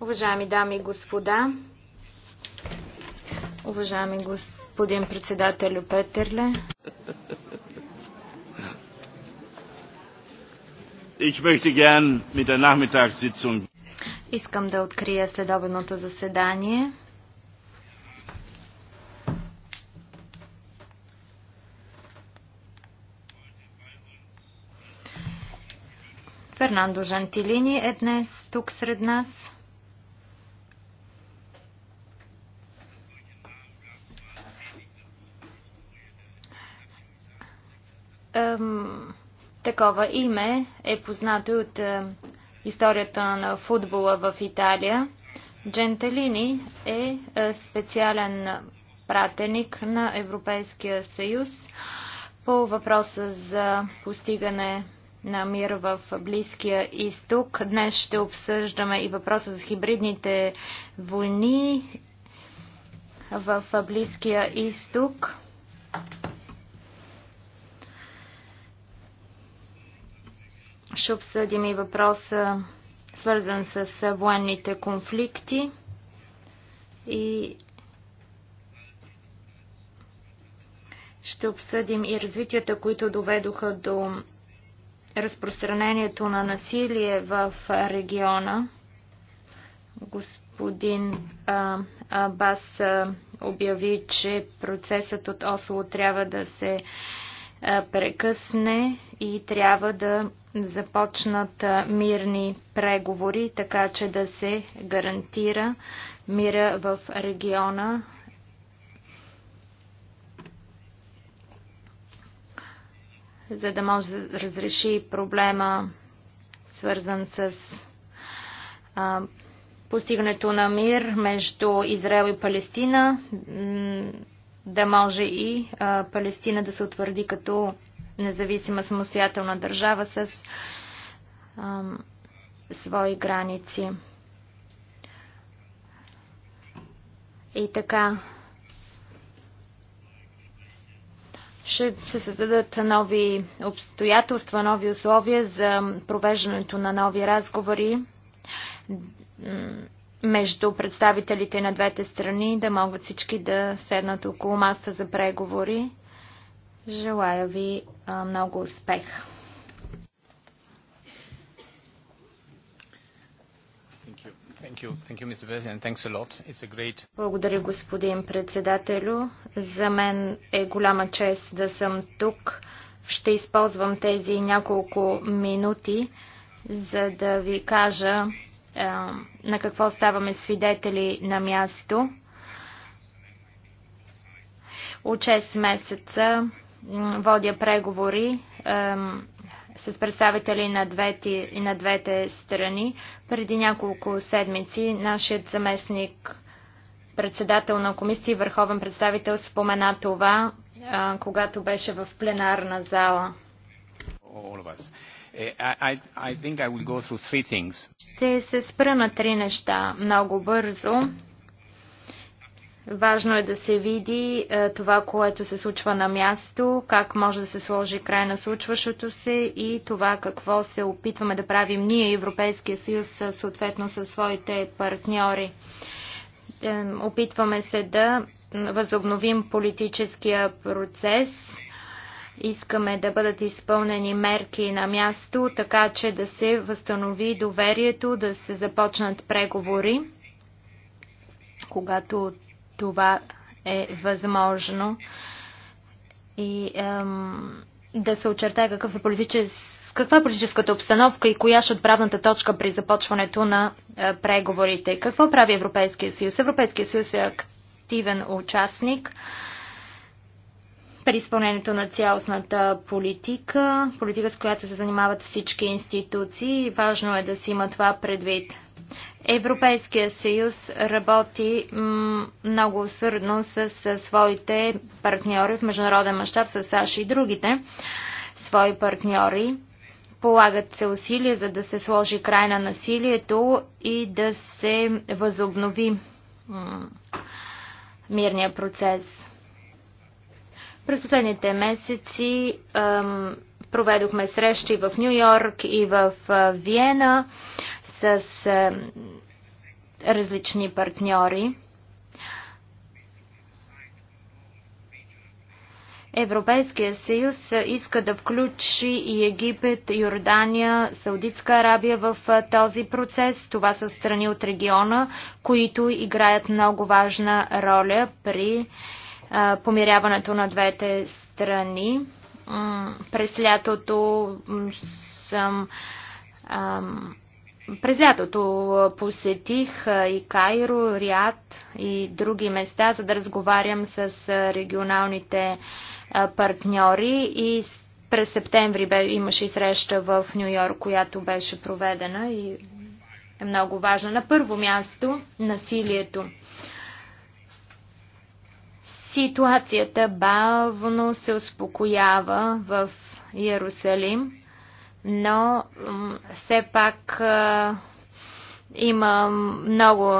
Уважаеми дами и господа, уважаеми господин председателю Петерле, Ich möchte gern mit der Nachmittagssitzung. Искам да открия следобедното заседание. Фернандо Жантилини е днес тук сред нас. Ем, такова име е познато от е, историята на футбола в Италия. Джентелини е, е специален пратеник на Европейския съюз по въпроса за постигане на мир в Близкия изток. Днес ще обсъждаме и въпроса за хибридните войни в Близкия изток. Ще обсъдим и въпроса, свързан с военните конфликти и ще обсъдим и развитията, които доведоха до разпространението на насилие в региона. Господин Абас обяви, че процесът от Осло трябва да се прекъсне и трябва да започнат мирни преговори, така че да се гарантира мира в региона. за да може да разреши проблема, свързан с а, постигането на мир между Израел и Палестина, да може и а, Палестина да се утвърди като независима самостоятелна държава с ам, свои граници. И така ще се създадат нови обстоятелства, нови условия за провеждането на нови разговори между представителите на двете страни, да могат всички да седнат около маста за преговори. Желая ви много успех! Благодаря, господин председателю. За мен е голяма чест да съм тук. Ще използвам тези няколко минути, за да ви кажа е, на какво ставаме свидетели на място. От 6 месеца водя преговори с представители на двете, на двете страни. Преди няколко седмици нашият заместник председател на комисия и върховен представител спомена това, когато беше в пленарна зала. Е, Ще се спра на три неща много бързо. Важно е да се види е, това, което се случва на място, как може да се сложи край на случващото се и това какво се опитваме да правим ние, Европейския съюз, е, съответно със своите партньори. Е, опитваме се да възобновим политическия процес. Искаме да бъдат изпълнени мерки на място, така че да се възстанови доверието, да се започнат преговори когато това е възможно и ем, да се очертае какъв е политичес, каква е политическата обстановка и коя ще е отправната точка при започването на е, преговорите. Какво прави Европейския съюз? Европейския съюз е активен участник при изпълнението на цялостната политика, политика с която се занимават всички институции. Важно е да си има това предвид. Европейския съюз работи много усърдно с своите партньори в международен мащаб, с САЩ и другите свои партньори. Полагат се усилия, за да се сложи край на насилието и да се възобнови мирния процес. През последните месеци проведохме срещи в Нью Йорк и в Виена с различни партньори. Европейския съюз иска да включи и Египет, Йордания, Саудитска Арабия в този процес. Това са страни от региона, които играят много важна роля при помиряването на двете страни. През лятото съм през лятото посетих и Кайро, Риад и други места, за да разговарям с регионалните партньори и през септември имаше и среща в Нью Йорк, която беше проведена и е много важна. На първо място насилието. Ситуацията бавно се успокоява в Иерусалим но все пак има много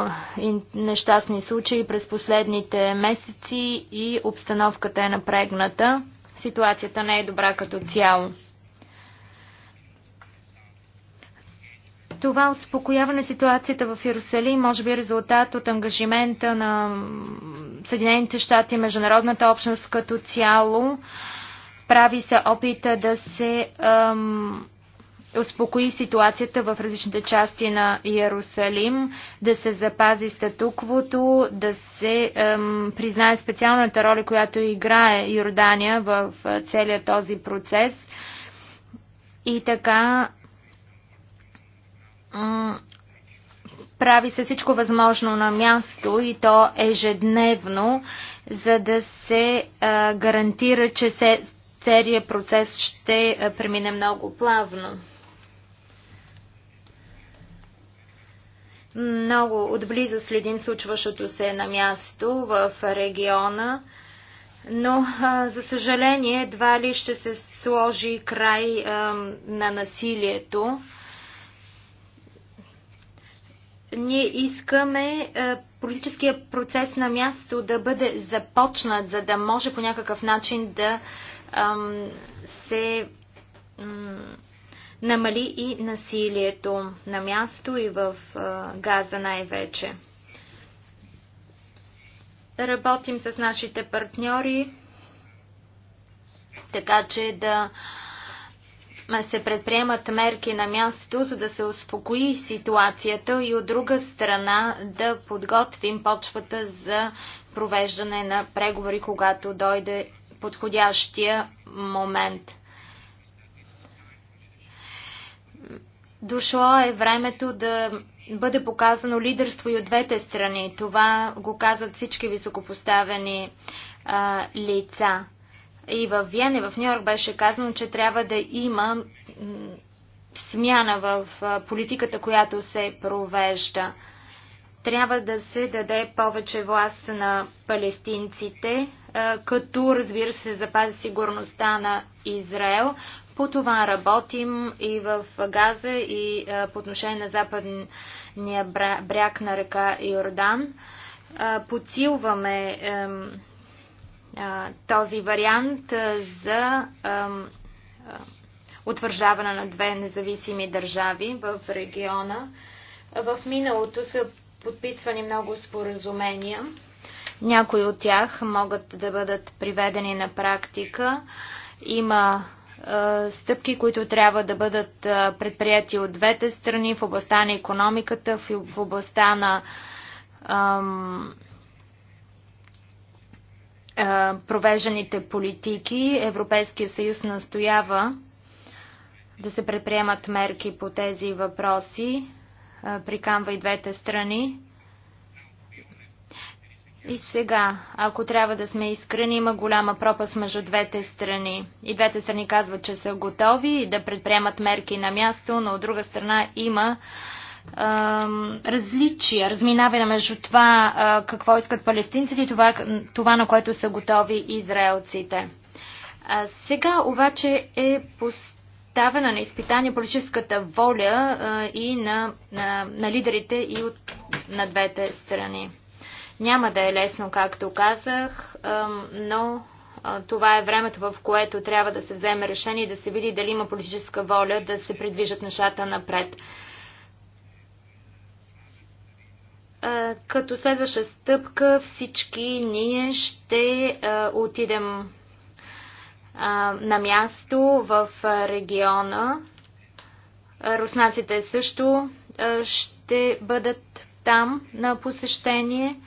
нещастни случаи през последните месеци и обстановката е напрегната. Ситуацията не е добра като цяло. Това успокояване на ситуацията в Иерусалим може би е резултат от ангажимента на Съединените щати и международната общност като цяло. Прави се опит да се ам, успокои ситуацията в различните части на Иерусалим, да се запази статуквото, да се ам, признае специалната роля, която играе Йордания в целият този процес. И така прави се всичко възможно на място и то ежедневно, за да се а, гарантира, че се серия процес ще е, премине много плавно. Много отблизо следим случващото се на място в региона, но за съжаление едва ли ще се сложи край на насилието. Ние искаме политическия процес на място да бъде започнат, за да може по някакъв начин да се намали и насилието на място и в Газа най-вече. Работим с нашите партньори, така че да се предприемат мерки на място, за да се успокои ситуацията и от друга страна да подготвим почвата за провеждане на преговори, когато дойде подходящия момент. Дошло е времето да бъде показано лидерство и от двете страни. Това го казват всички високопоставени а, лица. И в Виена, и в Нью-Йорк беше казано, че трябва да има смяна в политиката, която се провежда. Трябва да се даде повече власт на палестинците, е, като разбира се запази сигурността на Израел. По това работим и в Газа, и е, по отношение на западния бряг на река Йордан. Е, подсилваме този вариант за утвърждаване на две независими държави в региона. В миналото са подписвани много споразумения някои от тях могат да бъдат приведени на практика. Има стъпки, които трябва да бъдат предприяти от двете страни в областта на економиката, в областта на ам, а, провежданите политики. Европейския съюз настоява да се предприемат мерки по тези въпроси, прикамва и двете страни. И сега, ако трябва да сме искрени, има голяма пропаст между двете страни. И двете страни казват, че са готови да предприемат мерки на място, но от друга страна има различия, разминаване между това какво искат палестинците и това, това, на което са готови израелците. А сега обаче е поставена на изпитание политическата воля и на, на, на лидерите и от, на двете страни. Няма да е лесно, както казах, но това е времето, в което трябва да се вземе решение и да се види дали има политическа воля да се придвижат нещата напред. Като следваща стъпка всички ние ще отидем на място в региона. Руснаците също ще бъдат там на посещение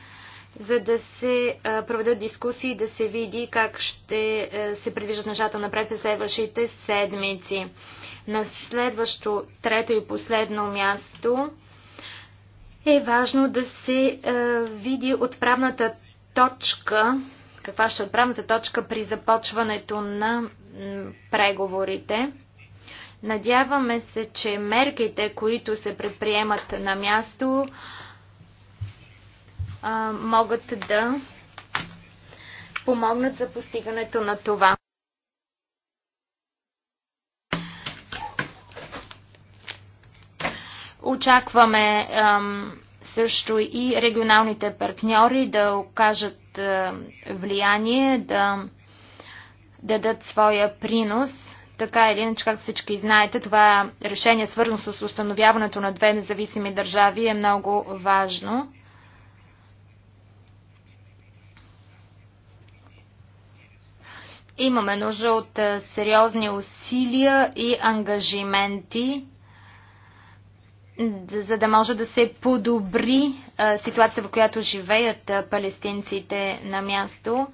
за да се проведат дискусии, да се види как ще се предвижат нещата напред през следващите седмици. На следващо, трето и последно място е важно да се види отправната точка, каква ще е отправната точка при започването на преговорите. Надяваме се, че мерките, които се предприемат на място, а, могат да помогнат за постигането на това. Очакваме а, също и регионалните партньори да окажат а, влияние, да, да дадат своя принос. Така или иначе, както всички знаете, това решение, свързано с установяването на две независими държави, е много важно. Имаме нужда от сериозни усилия и ангажименти, за да може да се подобри ситуация, в която живеят палестинците на място.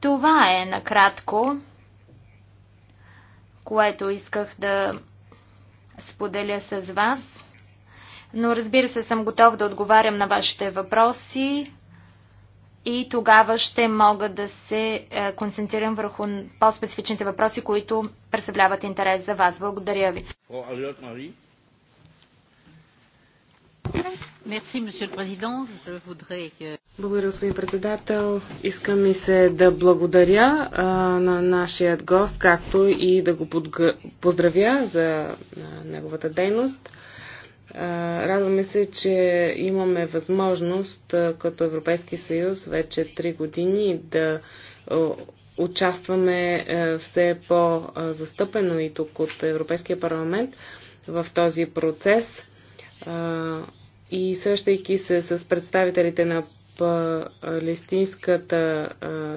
Това е накратко, което исках да споделя с вас. Но разбира се, съм готов да отговарям на вашите въпроси и тогава ще мога да се е, концентрирам върху по-специфичните въпроси, които представляват интерес за вас. Благодаря ви. Благодаря, господин председател. искам ми се да благодаря а, на нашия гост, както и да го поздравя за а, неговата дейност. Радваме се, че имаме възможност като Европейски съюз вече 3 години да участваме все по-застъпено и тук от Европейския парламент в този процес и същайки се с представителите на палестинската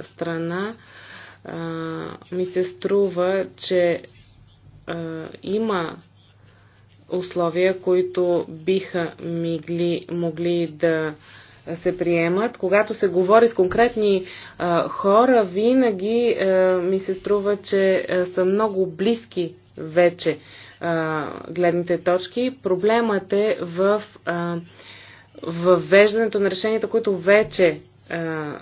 страна, ми се струва, че има условия, които биха мигли, могли да се приемат. Когато се говори с конкретни а, хора, винаги а, ми се струва, че а, са много близки вече а, гледните точки. Проблемът е в а, въвеждането на решенията, които вече на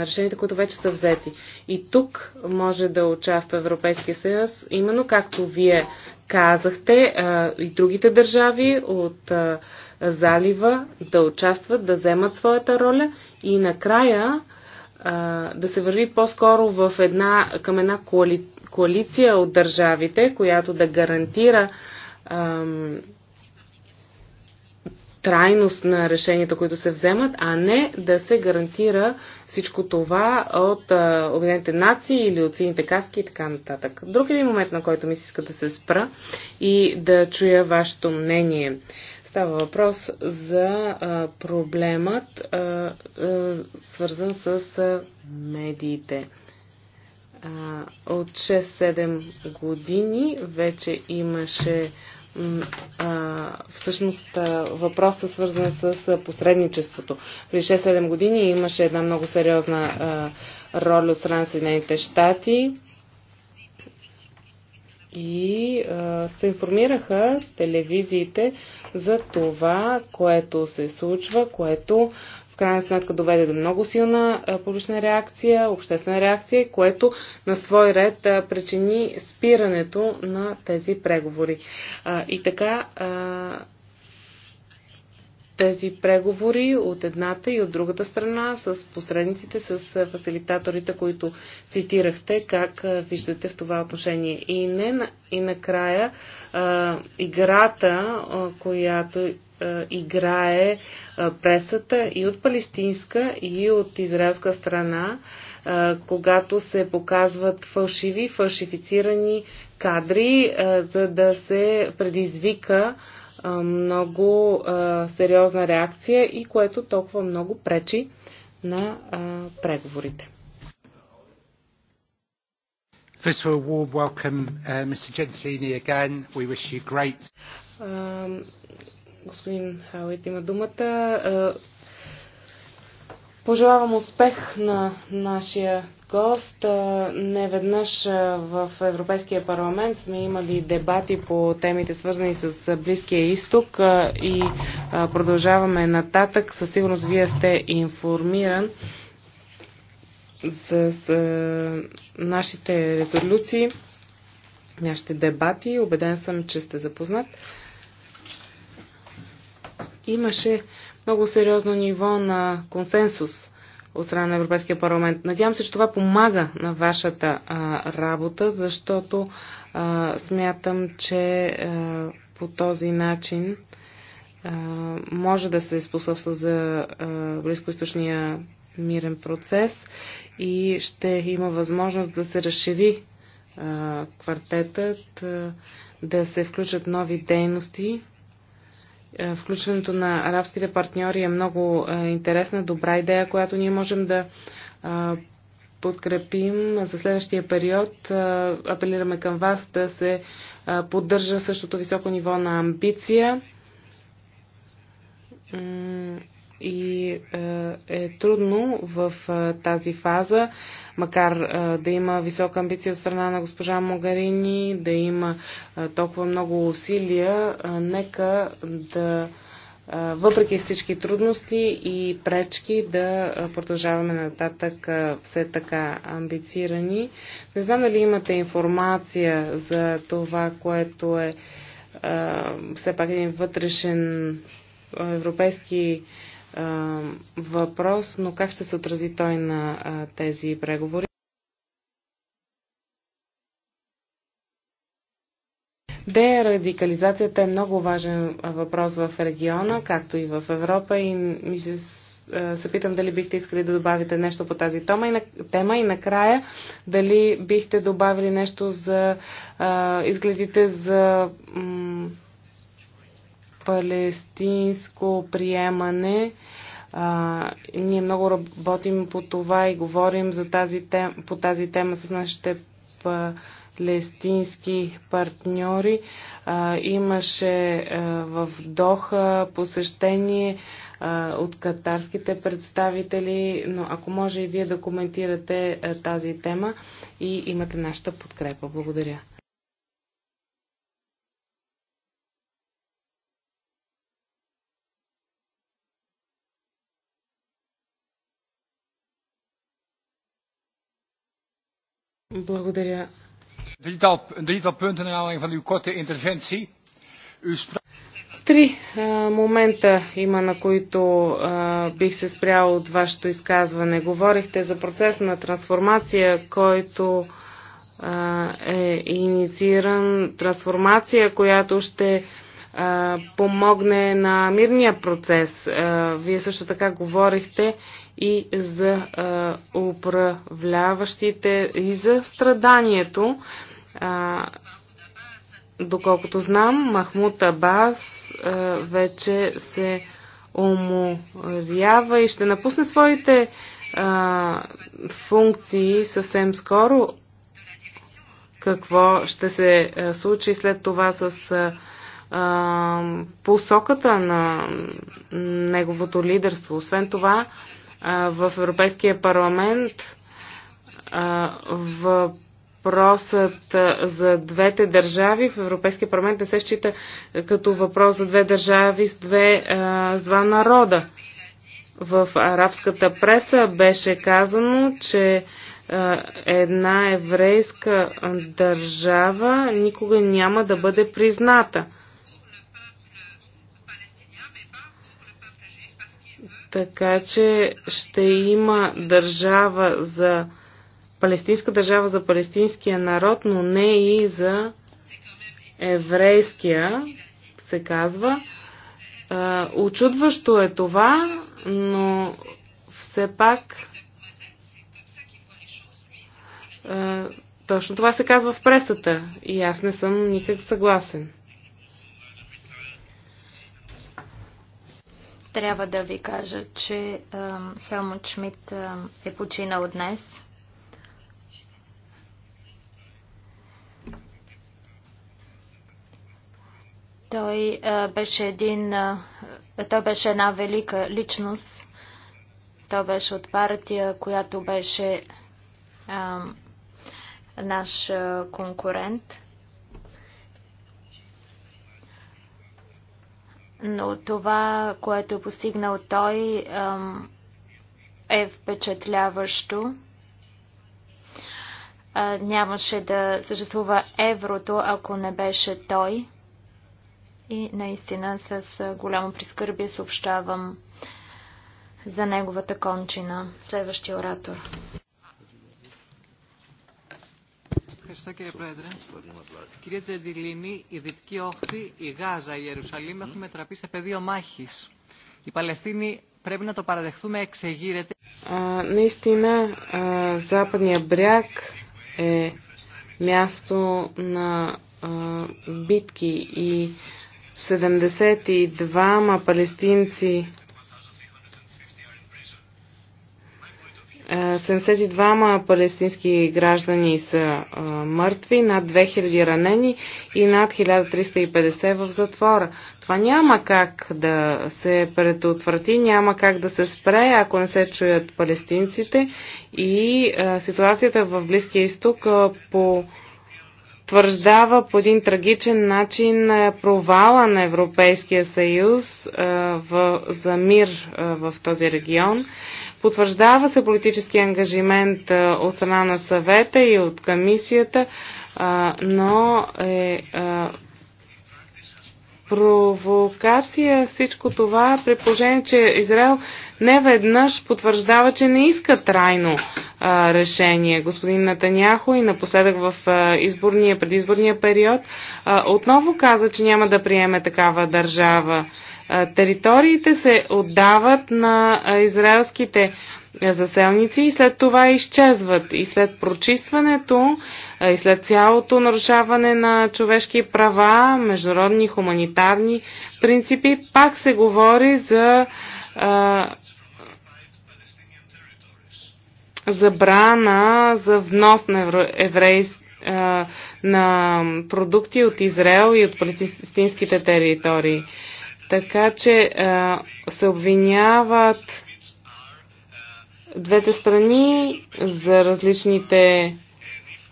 решенията, които вече са взети. И тук може да участва Европейския съюз, именно както вие казахте, и другите държави от залива да участват, да вземат своята роля и накрая да се върви по-скоро в една, към една коали, коалиция от държавите, която да гарантира трайност на решенията, които се вземат, а не да се гарантира всичко това от Обединените нации или от сините каски и така нататък. Друг един момент, на който ми се иска да се спра и да чуя вашето мнение. Става въпрос за а, проблемът, а, а, свързан с а, медиите. А, от 6-7 години вече имаше всъщност въпроса свързан с посредничеството. При 6-7 години имаше една много сериозна роля от страна на Съединените щати и се информираха телевизиите за това, което се случва, което в крайна сметка доведе до много силна публична реакция, обществена реакция, което на свой ред причини спирането на тези преговори. И така тези преговори от едната и от другата страна с посредниците, с фасилитаторите, които цитирахте, как виждате в това отношение. И, не, и накрая играта, която играе пресата и от палестинска, и от израелска страна, когато се показват фалшиви, фалшифицирани кадри, за да се предизвика много а, сериозна реакция и което толкова много пречи на а, преговорите. First of all, warm welcome, uh, Mr. again. We wish you great. Uh, господин Хауит има думата. Uh, Пожелавам успех на нашия гост. Не веднъж в Европейския парламент сме имали дебати по темите свързани с Близкия изток и продължаваме нататък. Със сигурност вие сте информиран за, нашите резолюции, нашите дебати. Обеден съм, че сте запознат. Имаше много сериозно ниво на консенсус от страна на Европейския парламент. Надявам се, че това помага на вашата а, работа, защото а, смятам, че а, по този начин а, може да се способства за близкоисточния мирен процес и ще има възможност да се разшири а, квартетът, а, да се включат нови дейности е, включването на арабските партньори е много е, интересна, добра идея, която ние можем да е, подкрепим за следващия период. Апелираме към вас да се поддържа същото високо ниво на амбиция и е, е трудно в е, тази фаза, макар е, да има висока амбиция от страна на госпожа Могарини, да има толкова много усилия, нека да въпреки всички трудности и пречки да продължаваме нататък все така амбицирани. Не знам дали имате информация за това, което е все пак един вътрешен европейски въпрос, но как ще се отрази той на а, тези преговори? Дерадикализацията е много важен въпрос в региона, както и в Европа и ми се, се питам дали бихте искали да добавите нещо по тази тема и, накрая дали бихте добавили нещо за а, изгледите за палестинско приемане. А, ние много работим по това и говорим за тази тем, по тази тема с нашите палестински партньори. А, имаше а, в Доха посещение а, от катарските представители, но ако може и вие да коментирате а, тази тема и имате нашата подкрепа. Благодаря. Благодаря. Три момента има, на които а, бих се спрял от вашето изказване. Говорихте за процес на трансформация, който а, е иницииран, трансформация, която ще помогне на мирния процес. Вие също така говорихте и за управляващите, и за страданието. Доколкото знам, Махмуд Абас вече се уморява и ще напусне своите функции съвсем скоро. Какво ще се случи след това с а, посоката на неговото лидерство. Освен това, а, в Европейския парламент в въпросът за двете държави в Европейския парламент не се счита като въпрос за две държави с, две, а, с два народа. В арабската преса беше казано, че а, една еврейска държава никога няма да бъде призната. Така че ще има държава за палестинска държава за палестинския народ, но не и за еврейския, се казва. Очудващо е това, но все пак точно това се казва в пресата и аз не съм никак съгласен. Трябва да ви кажа, че Хелмут Шмидт е починал днес. Той беше, един, той беше една велика личност. Той беше от партия, която беше а, наш конкурент. но това, което е постигнал той, е впечатляващо. Нямаше да съществува еврото, ако не беше той. И наистина с голямо прискърбие съобщавам за неговата кончина. Следващия оратор. Ευχαριστώ κύριε Πρόεδρε. Κύριε Τζεντιλίνη, η Δυτική Όχθη, η Γάζα, η Ιερουσαλήμ έχουν μετραπεί σε πεδίο μάχη. Η Παλαιστίνη πρέπει να το παραδεχθούμε εξεγείρεται. Наистина, Западния бряг е място на битки и 72 Παλαιστίνοι 72 палестински граждани са а, мъртви, над 2000 ранени и над 1350 в затвора. Това няма как да се предотврати, няма как да се спре, ако не се чуят палестинците и а, ситуацията в Близкия изток по потвърждава по един трагичен начин е, провала на Европейския съюз е, в, за мир е, в този регион. Потвърждава се политически ангажимент от страна на съвета и от комисията, но е провокация всичко това, при положение, че Израел не веднъж потвърждава, че не иска трайно а, решение. Господин Натаняхо и напоследък в а, изборния, предизборния период а, отново каза, че няма да приеме такава държава. А, териториите се отдават на а, израелските заселници и след това изчезват. И след прочистването, и след цялото нарушаване на човешки права, международни хуманитарни принципи, пак се говори за забрана за внос на евреи на продукти от Израел и от палестинските територии. Така че се обвиняват двете страни за различните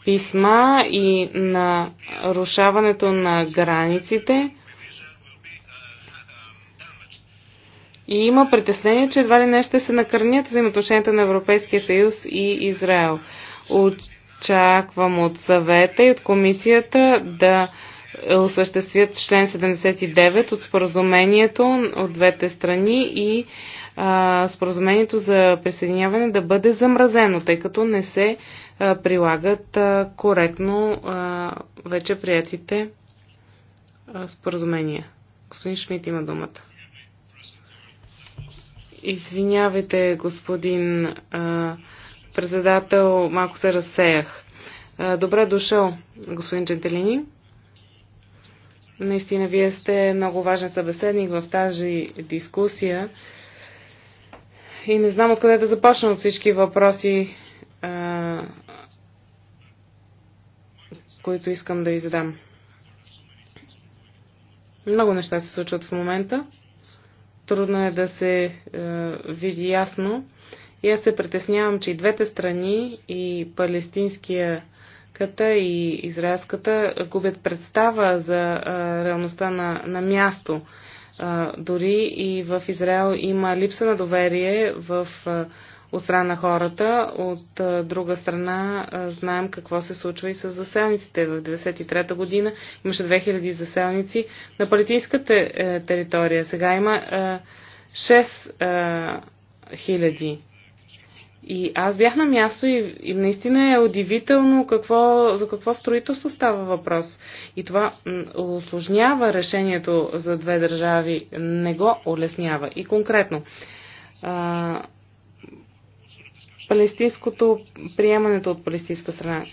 писма и нарушаването на границите. И има притеснение, че едва ли не ще се накърнят взаимоотношенията на Европейския съюз и Израел. Очаквам от съвета и от комисията да осъществят член 79 от споразумението от двете страни и а, споразумението за присъединяване да бъде замразено, тъй като не се а, прилагат а, коректно а, вече приятите а, споразумения. Господин Шмидт има думата. Извинявайте, господин а, председател, малко се разсеях. А, добре дошъл, господин Джентелини. Наистина, вие сте много важен събеседник в тази дискусия. И не знам откъде да започна от всички въпроси, а, които искам да ви задам. Много неща се случват в момента. Трудно е да се е, види ясно. И аз се притеснявам, че и двете страни, и палестинския и израелската губят представа за е, реалността на, на място. Е, дори и в Израел има липса на доверие в Е, от страна на хората, от а, друга страна а, знаем какво се случва и с заселниците. В 1993 година имаше 2000 заселници на палестинската е, територия. Сега има а, 6 хиляди. И аз бях на място и, и наистина е удивително какво, за какво строителство става въпрос. И това осложнява решението за две държави, не го улеснява. И конкретно, а, палестинското приемането от палестинска страна.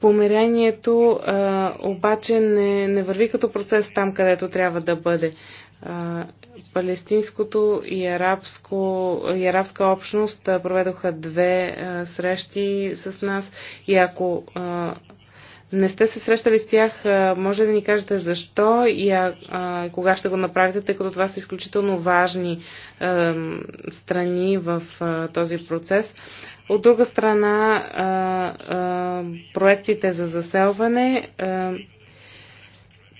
Помирението а, обаче не, не върви като процес там, където трябва да бъде. А, палестинското и, арабско, и арабска общност а, проведоха две а, срещи с нас и ако а, не сте се срещали с тях, може да ни кажете защо и а, а, кога ще го направите, тъй като това са изключително важни а, страни в а, този процес. От друга страна, а, а, проектите за заселване. А,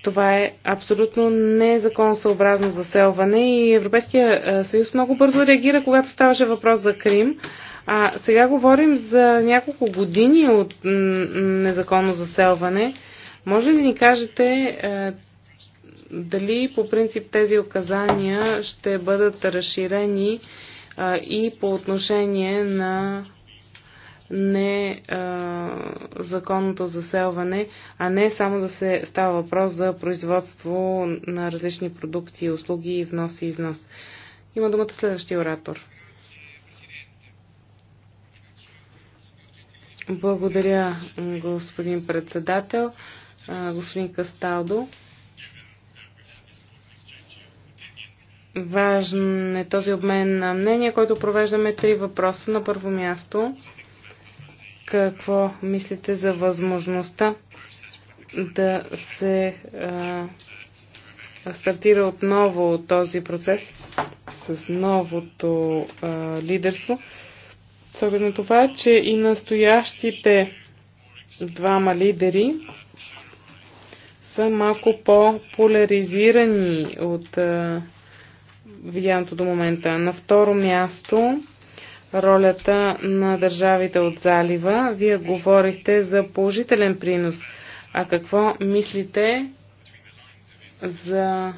това е абсолютно незаконосъобразно заселване и Европейския съюз много бързо реагира, когато ставаше въпрос за Крим. А сега говорим за няколко години от незаконно заселване. Може ли ни кажете е, дали по принцип тези указания ще бъдат разширени е, и по отношение на незаконното е, заселване, а не само да се става въпрос за производство на различни продукти и услуги и внос и износ. Има думата следващия оратор. Благодаря, господин председател, господин Касталдо. Важен е този обмен на мнение, който провеждаме три въпроса. На първо място, какво мислите за възможността да се а, стартира отново този процес с новото а, лидерство? С оглед на това, че и настоящите двама лидери са малко по-поляризирани от видяното до момента. На второ място ролята на държавите от залива. Вие говорихте за положителен принос. А какво мислите за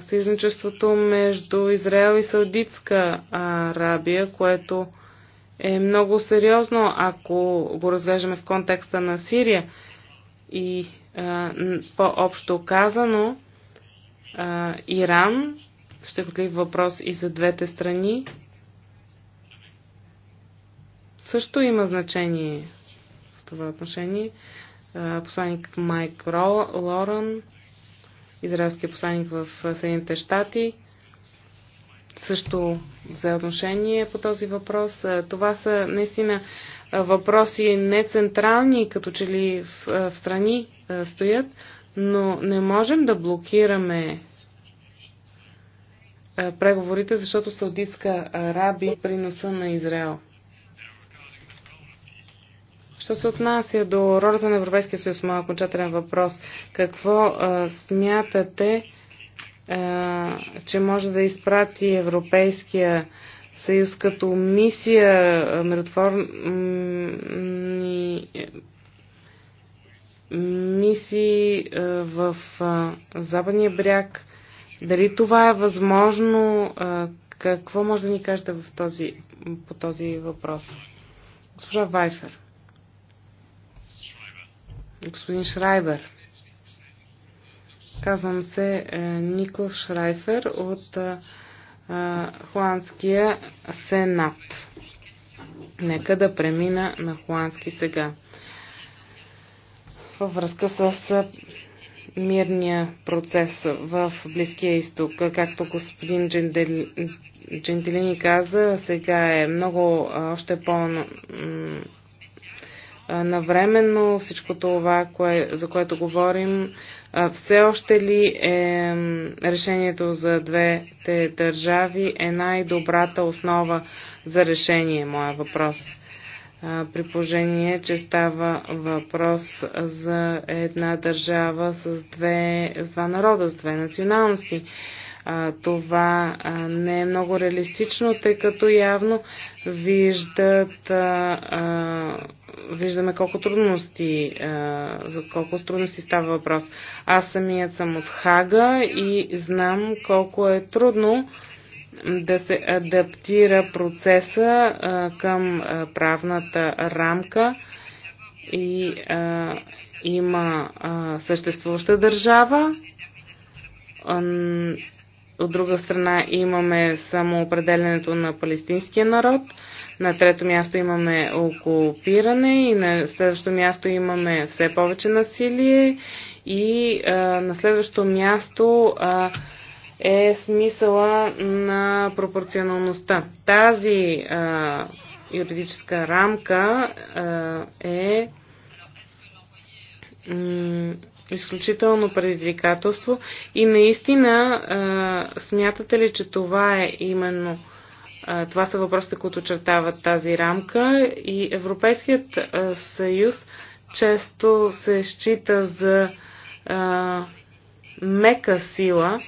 съюзничеството между Израел и Саудитска Арабия, което е много сериозно, ако го разглеждаме в контекста на Сирия. И по-общо казано, а, Иран, ще котлив въпрос и за двете страни, също има значение в това отношение. А, посланник Майк Лоран израелския посланник в Съединените щати също за отношение по този въпрос. Това са наистина въпроси не централни, като че ли в, в страни стоят, но не можем да блокираме преговорите, защото Саудитска Арабия приноса на Израел. Що се отнася до ролята на Европейския съюз, моят окончателен въпрос. Какво а, смятате, а, че може да изпрати Европейския съюз като мисия миротворни мисии в а, Западния бряг? Дали това е възможно? А, какво може да ни кажете в този, по този въпрос? Госпожа Вайфер господин Шрайбер. Казвам се е, Никол Шрайфер от е, е, Холандския сенат. Нека да премина на холандски сега. Във връзка с мирния процес в Близкия изток, както господин Джендел... Джентилини каза, сега е много още по навременно всичко това, кое, за което говорим. Все още ли е решението за двете държави е най-добрата основа за решение, моя въпрос? При положение, че става въпрос за една държава с, две, с два народа, с две националности. А, това а, не е много реалистично, тъй като явно виждат, а, а, виждаме колко трудности, а, за колко трудности става въпрос. Аз самият съм от Хага и знам колко е трудно да се адаптира процеса а, към а, правната рамка и а, има а, съществуваща държава, от друга страна имаме самоопределенето на палестинския народ. На трето място имаме окупиране и на следващо място имаме все повече насилие и а, на следващо място а, е смисъла на пропорционалността. Тази а, юридическа рамка а, е изключително предизвикателство и наистина а, смятате ли, че това е именно а, това са въпросите, които очертават тази рамка и Европейският а, съюз често се счита за а, мека сила,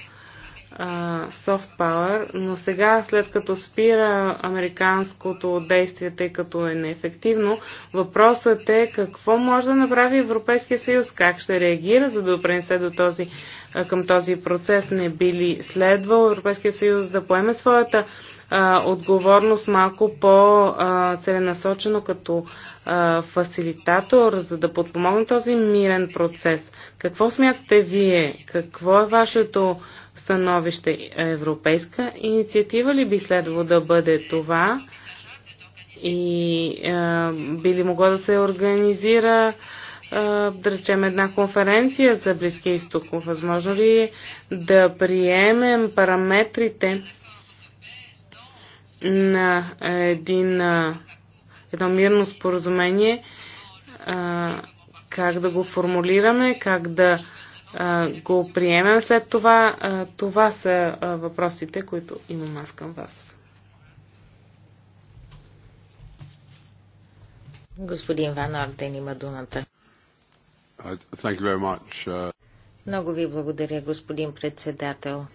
soft power, но сега, след като спира американското действие, тъй като е неефективно, въпросът е какво може да направи Европейския съюз, как ще реагира, за да допринесе до този, към този процес. Не би ли следвал Европейския съюз да поеме своята отговорност малко по-целенасочено като фасилитатор, за да подпомогне този мирен процес. Какво смятате вие? Какво е вашето становище европейска инициатива ли би следвало да бъде това и е, би ли могло да се организира е, да речем една конференция за Близкия изток? Възможно ли е да приемем параметрите на един, е, едно мирно споразумение, е, как да го формулираме, как да го приемем след това. това са въпросите, които имам аз към вас. Господин Ван Орден има думата. Uh, uh, Много ви благодаря, господин председател.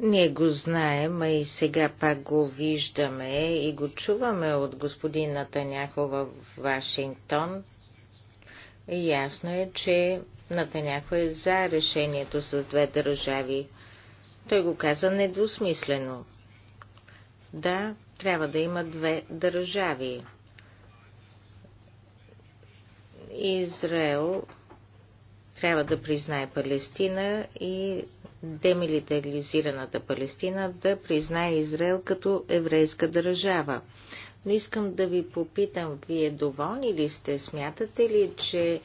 Ние го знаем, а и сега пак го виждаме и го чуваме от господин Натаняхо в Вашингтон. Ясно е, че Натаняхо е за решението с две държави. Той го каза недвусмислено. Да, трябва да има две държави. Израел трябва да признае Палестина и демилитаризираната Палестина да признае Израел като еврейска държава но искам да ви попитам, вие доволни ли сте? Смятате ли, че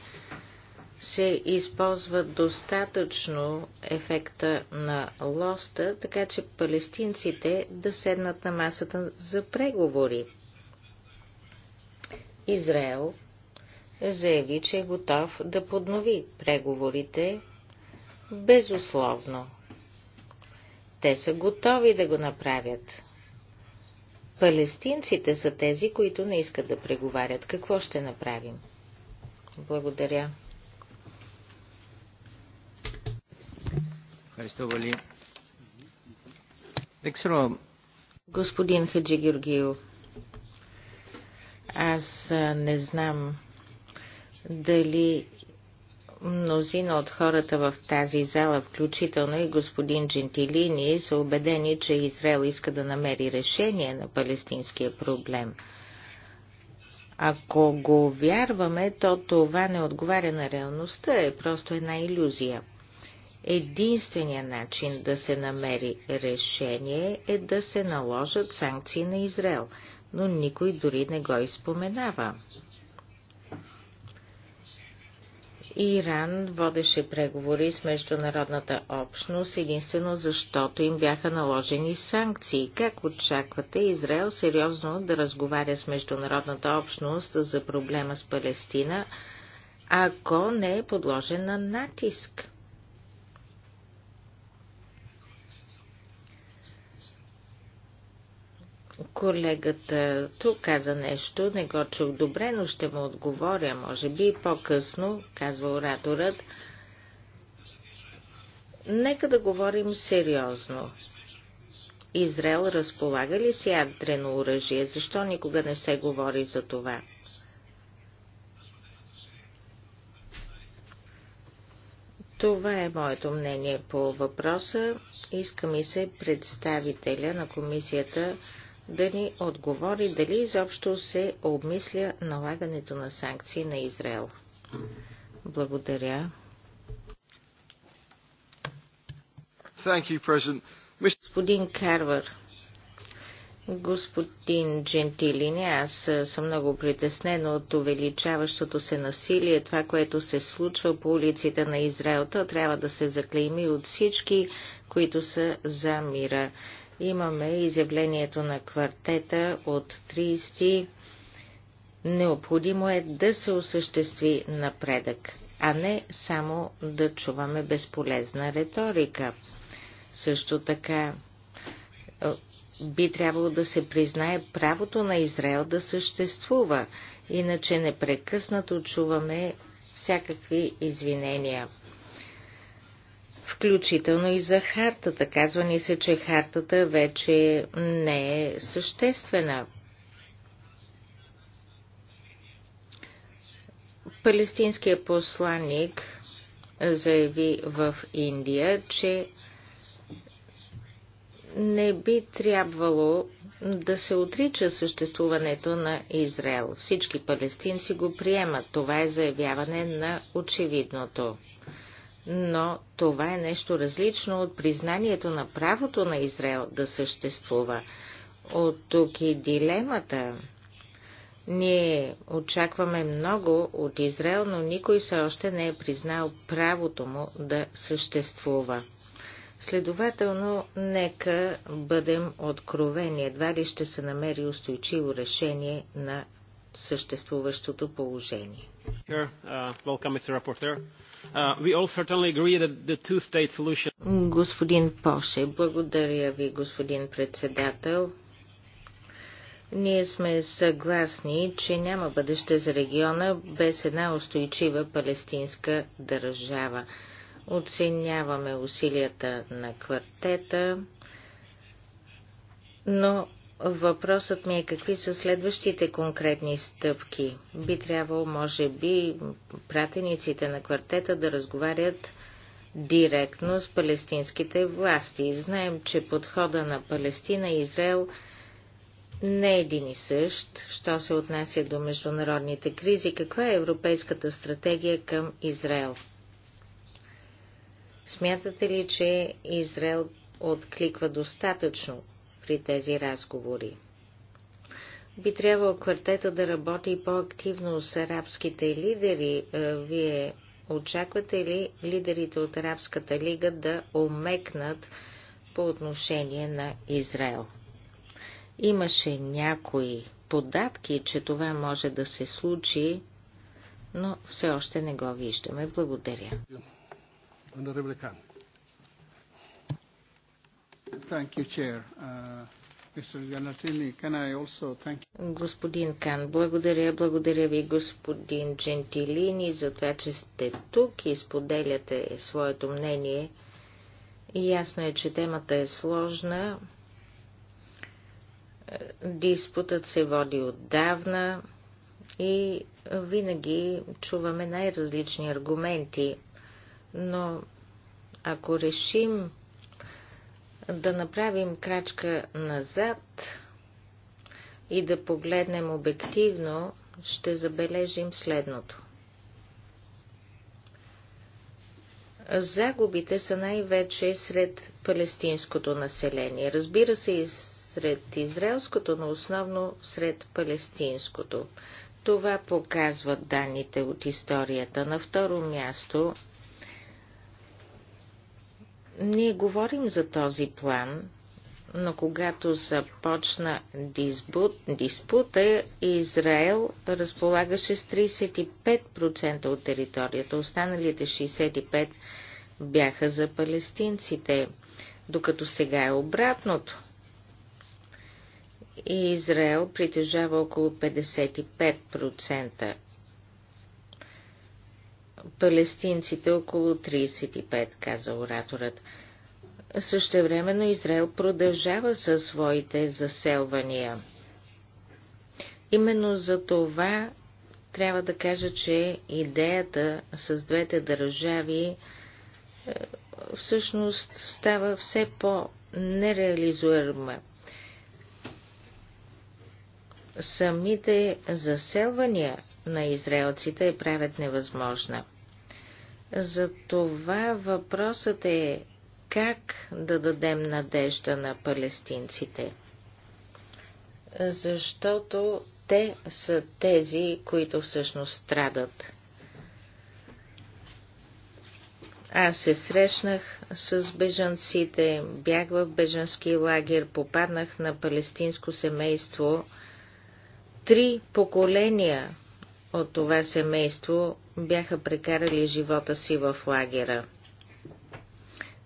се използва достатъчно ефекта на лоста, така че палестинците да седнат на масата за преговори? Израел заяви, че е готов да поднови преговорите безусловно. Те са готови да го направят. Палестинците са тези, които не искат да преговарят. Какво ще направим? Благодаря. Господин Хаджи Георгиев, аз не знам дали мнозина от хората в тази зала, включително и господин Джентилини, са убедени, че Израел иска да намери решение на палестинския проблем. Ако го вярваме, то това не отговаря на реалността, е просто една иллюзия. Единственият начин да се намери решение е да се наложат санкции на Израел, но никой дори не го изпоменава. Иран водеше преговори с международната общност единствено защото им бяха наложени санкции. Как очаквате Израел сериозно да разговаря с международната общност за проблема с Палестина, ако не е подложен на натиск? Колегата тук каза нещо, не го чух добре, но ще му отговоря, може би по-късно, казва ораторът. Нека да говорим сериозно. Израел разполага ли си ядрено оръжие? Защо никога не се говори за това? Това е моето мнение по въпроса. Иска ми се представителя на комисията да ни отговори дали изобщо се обмисля налагането на санкции на Израел. Благодаря. You, господин Карвар, господин Джентилини, аз съм много притеснен от увеличаващото се насилие. Това, което се случва по улиците на Израел, то трябва да се заклейми от всички, които са за мира имаме изявлението на квартета от 30. Необходимо е да се осъществи напредък, а не само да чуваме безполезна риторика. Също така е, би трябвало да се признае правото на Израел да съществува, иначе непрекъснато чуваме всякакви извинения включително и за хартата. Казва ни се, че хартата вече не е съществена. Палестинският посланник заяви в Индия, че не би трябвало да се отрича съществуването на Израел. Всички палестинци го приемат. Това е заявяване на очевидното но това е нещо различно от признанието на правото на Израел да съществува. От тук и дилемата. Ние очакваме много от Израел, но никой все още не е признал правото му да съществува. Следователно, нека бъдем откровени, едва ли ще се намери устойчиво решение на съществуващото положение. Uh, Uh, господин Поше, благодаря ви, господин председател. Ние сме съгласни, че няма бъдеще за региона без една устойчива палестинска държава. Оценяваме усилията на квартета, но Въпросът ми е какви са следващите конкретни стъпки. Би трябвало, може би, пратениците на квартета да разговарят директно с палестинските власти. Знаем, че подхода на Палестина и Израел не е един и същ, що се отнася до международните кризи. Каква е европейската стратегия към Израел? Смятате ли, че Израел откликва достатъчно при тези разговори. Би трябвало квартета да работи по-активно с арабските лидери. Е, вие очаквате ли лидерите от Арабската лига да омекнат по отношение на Израел? Имаше някои податки, че това може да се случи, но все още не го виждаме. Благодаря. Thank you, Chair. Uh, Господин Кан, благодаря, благодаря ви господин Джентилини за това, че сте тук и споделяте своето мнение. Ясно е, че темата е сложна. Диспутът се води отдавна и винаги чуваме най-различни аргументи, но ако решим да направим крачка назад и да погледнем обективно, ще забележим следното. Загубите са най-вече сред палестинското население. Разбира се и сред израелското, но основно сред палестинското. Това показват данните от историята. На второ място ние говорим за този план, но когато започна диспут, диспута, Израел разполагаше с 35% от територията, останалите 65% бяха за палестинците, докато сега е обратното. И Израел притежава около 55% палестинците около 35, каза ораторът. Същевременно Израел продължава със своите заселвания. Именно за това трябва да кажа, че идеята с двете държави е, всъщност става все по-нереализуема. Самите заселвания на израелците я правят невъзможна. Затова въпросът е как да дадем надежда на палестинците. Защото те са тези, които всъщност страдат. Аз се срещнах с бежанците, бях в бежански лагер, попаднах на палестинско семейство. Три поколения от това семейство бяха прекарали живота си в лагера.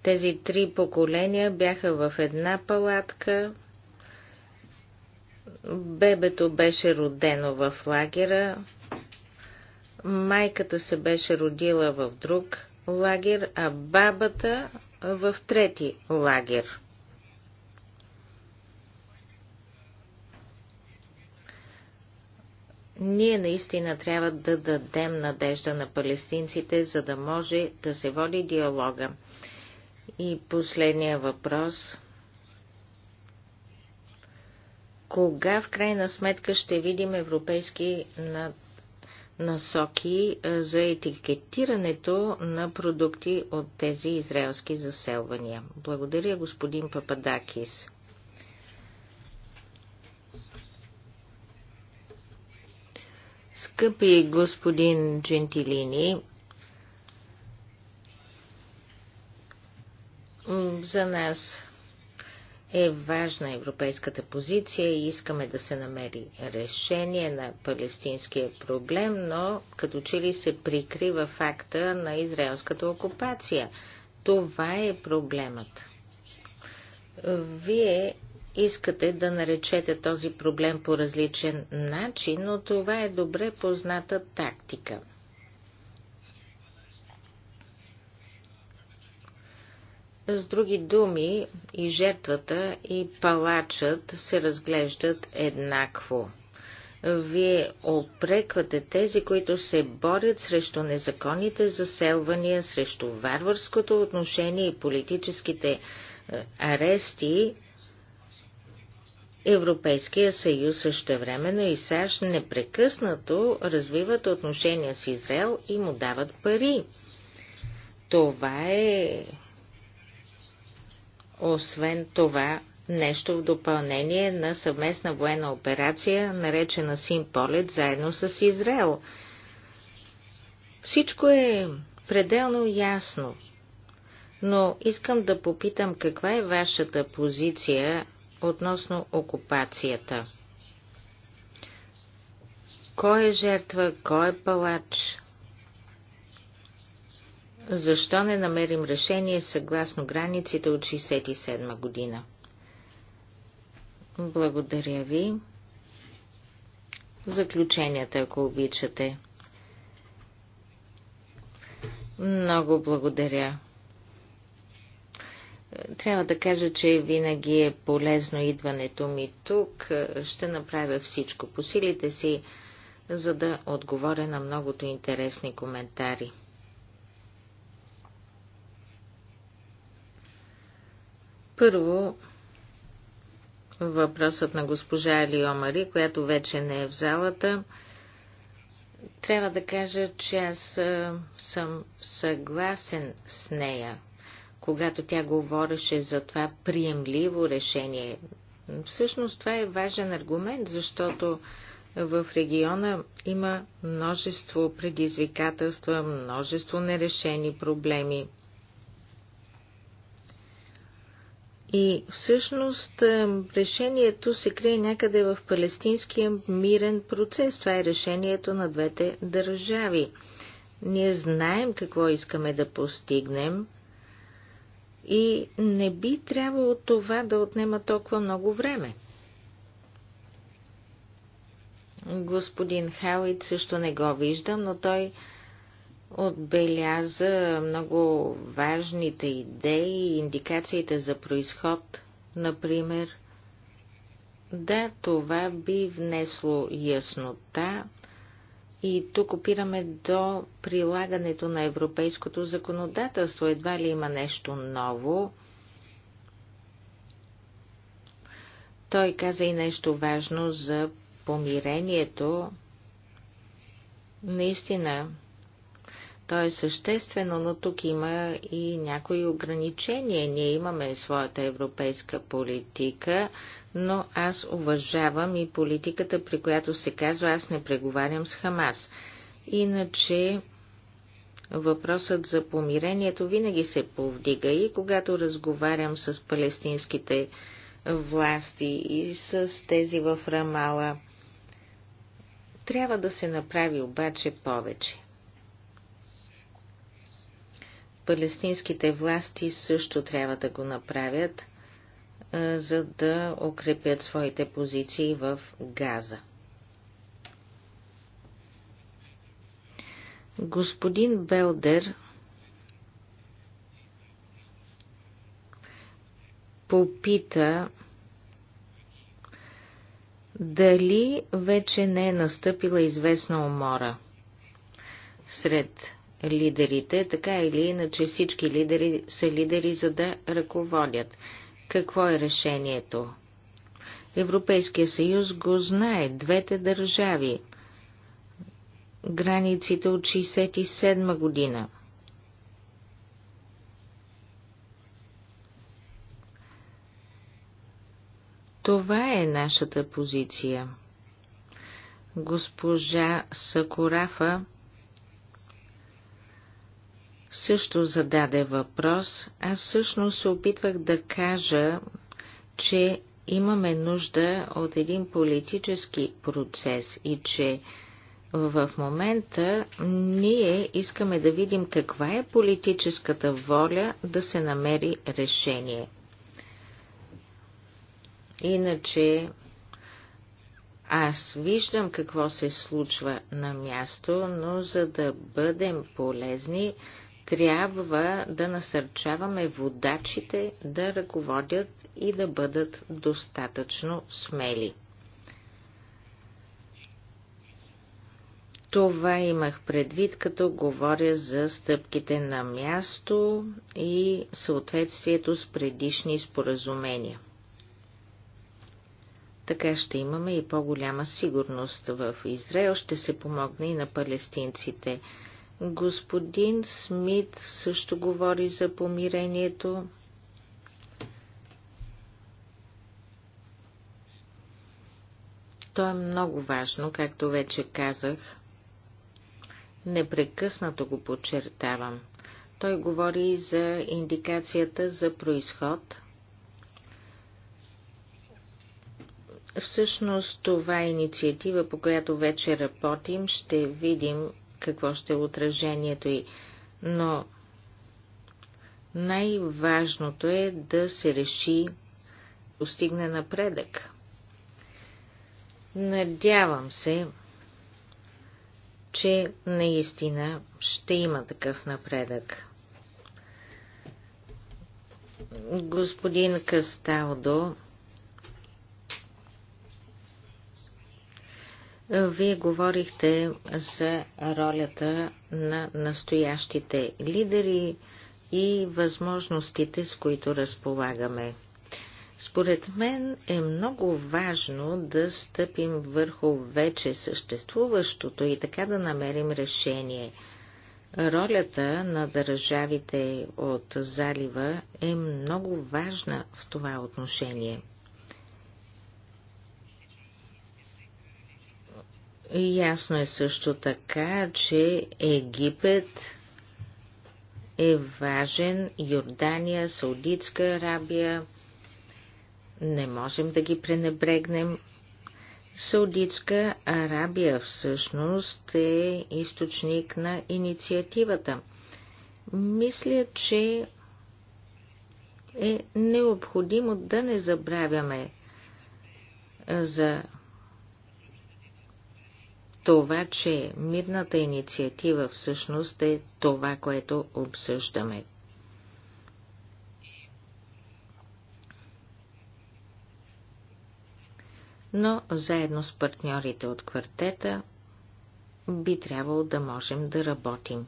Тези три поколения бяха в една палатка. Бебето беше родено в лагера. Майката се беше родила в друг лагер, а бабата в трети лагер. Ние наистина трябва да дадем надежда на палестинците, за да може да се води диалога. И последния въпрос. Кога в крайна сметка ще видим европейски насоки за етикетирането на продукти от тези израелски заселвания. Благодаря, господин Пападакис. Скъпи господин Джентилини, за нас е важна европейската позиция и искаме да се намери решение на палестинския проблем, но като че ли се прикрива факта на израелската окупация. Това е проблемът. Вие искате да наречете този проблем по различен начин, но това е добре позната тактика. С други думи, и жертвата, и палачът се разглеждат еднакво. Вие опреквате тези, които се борят срещу незаконните заселвания, срещу варварското отношение и политическите е, арести, Европейския съюз същевременно и САЩ непрекъснато развиват отношения с Израел и му дават пари. Това е освен това нещо в допълнение на съвместна военна операция, наречена Син Полет, заедно с Израел. Всичко е пределно ясно, но искам да попитам каква е вашата позиция относно окупацията. Кой е жертва, кой е палач? Защо не намерим решение съгласно границите от 67 година? Благодаря ви. Заключенията, ако обичате. Много благодаря. Трябва да кажа, че винаги е полезно идването ми тук. Ще направя всичко по силите си, за да отговоря на многото интересни коментари. Първо, въпросът на госпожа Алио Мари, която вече не е в залата. Трябва да кажа, че аз съм съгласен с нея когато тя говореше за това приемливо решение. Всъщност това е важен аргумент, защото в региона има множество предизвикателства, множество нерешени проблеми. И всъщност е, решението се крие някъде в палестинския мирен процес. Това е решението на двете държави. Ние знаем какво искаме да постигнем – и не би трябвало това да отнема толкова много време. Господин Хауит също не го виждам, но той отбеляза много важните идеи и индикациите за происход, например. Да, това би внесло яснота и тук опираме до прилагането на европейското законодателство. Едва ли има нещо ново. Той каза и нещо важно за помирението. Наистина, то е съществено, но тук има и някои ограничения. Ние имаме своята европейска политика, но аз уважавам и политиката, при която се казва аз не преговарям с Хамас. Иначе въпросът за помирението винаги се повдига и когато разговарям с палестинските власти и с тези в Рамала. Трябва да се направи обаче повече. Палестинските власти също трябва да го направят – е, за да укрепят своите позиции в Газа. Господин Белдер попита дали вече не е настъпила известна умора сред лидерите, така или иначе всички лидери са лидери за да ръководят. Какво е решението? Европейския съюз го знае двете държави. Границите от 67 година. Това е нашата позиция. Госпожа Сакурафа също зададе въпрос. Аз всъщност се опитвах да кажа, че имаме нужда от един политически процес и че в момента ние искаме да видим каква е политическата воля да се намери решение. Иначе аз виждам какво се случва на място, но за да бъдем полезни, трябва да насърчаваме водачите да ръководят и да бъдат достатъчно смели. Това имах предвид, като говоря за стъпките на място и съответствието с предишни споразумения. Така ще имаме и по-голяма сигурност в Израел, ще се помогне и на палестинците – Господин Смит също говори за помирението. То е много важно, както вече казах. Непрекъснато го подчертавам. Той говори и за индикацията за происход. Всъщност това е инициатива, по която вече работим. Ще видим какво ще е отражението й. Но най-важното е да се реши постигне напредък. Надявам се, че наистина ще има такъв напредък. Господин Касталдо Вие говорихте за ролята на настоящите лидери и възможностите, с които разполагаме. Според мен е много важно да стъпим върху вече съществуващото и така да намерим решение. Ролята на държавите от залива е много важна в това отношение – Ясно е също така, че Египет е важен, Йордания, Саудитска Арабия, не можем да ги пренебрегнем. Саудитска Арабия всъщност е източник на инициативата. Мисля, че е необходимо да не забравяме за това, че мирната инициатива всъщност е това, което обсъждаме. Но заедно с партньорите от квартета би трябвало да можем да работим.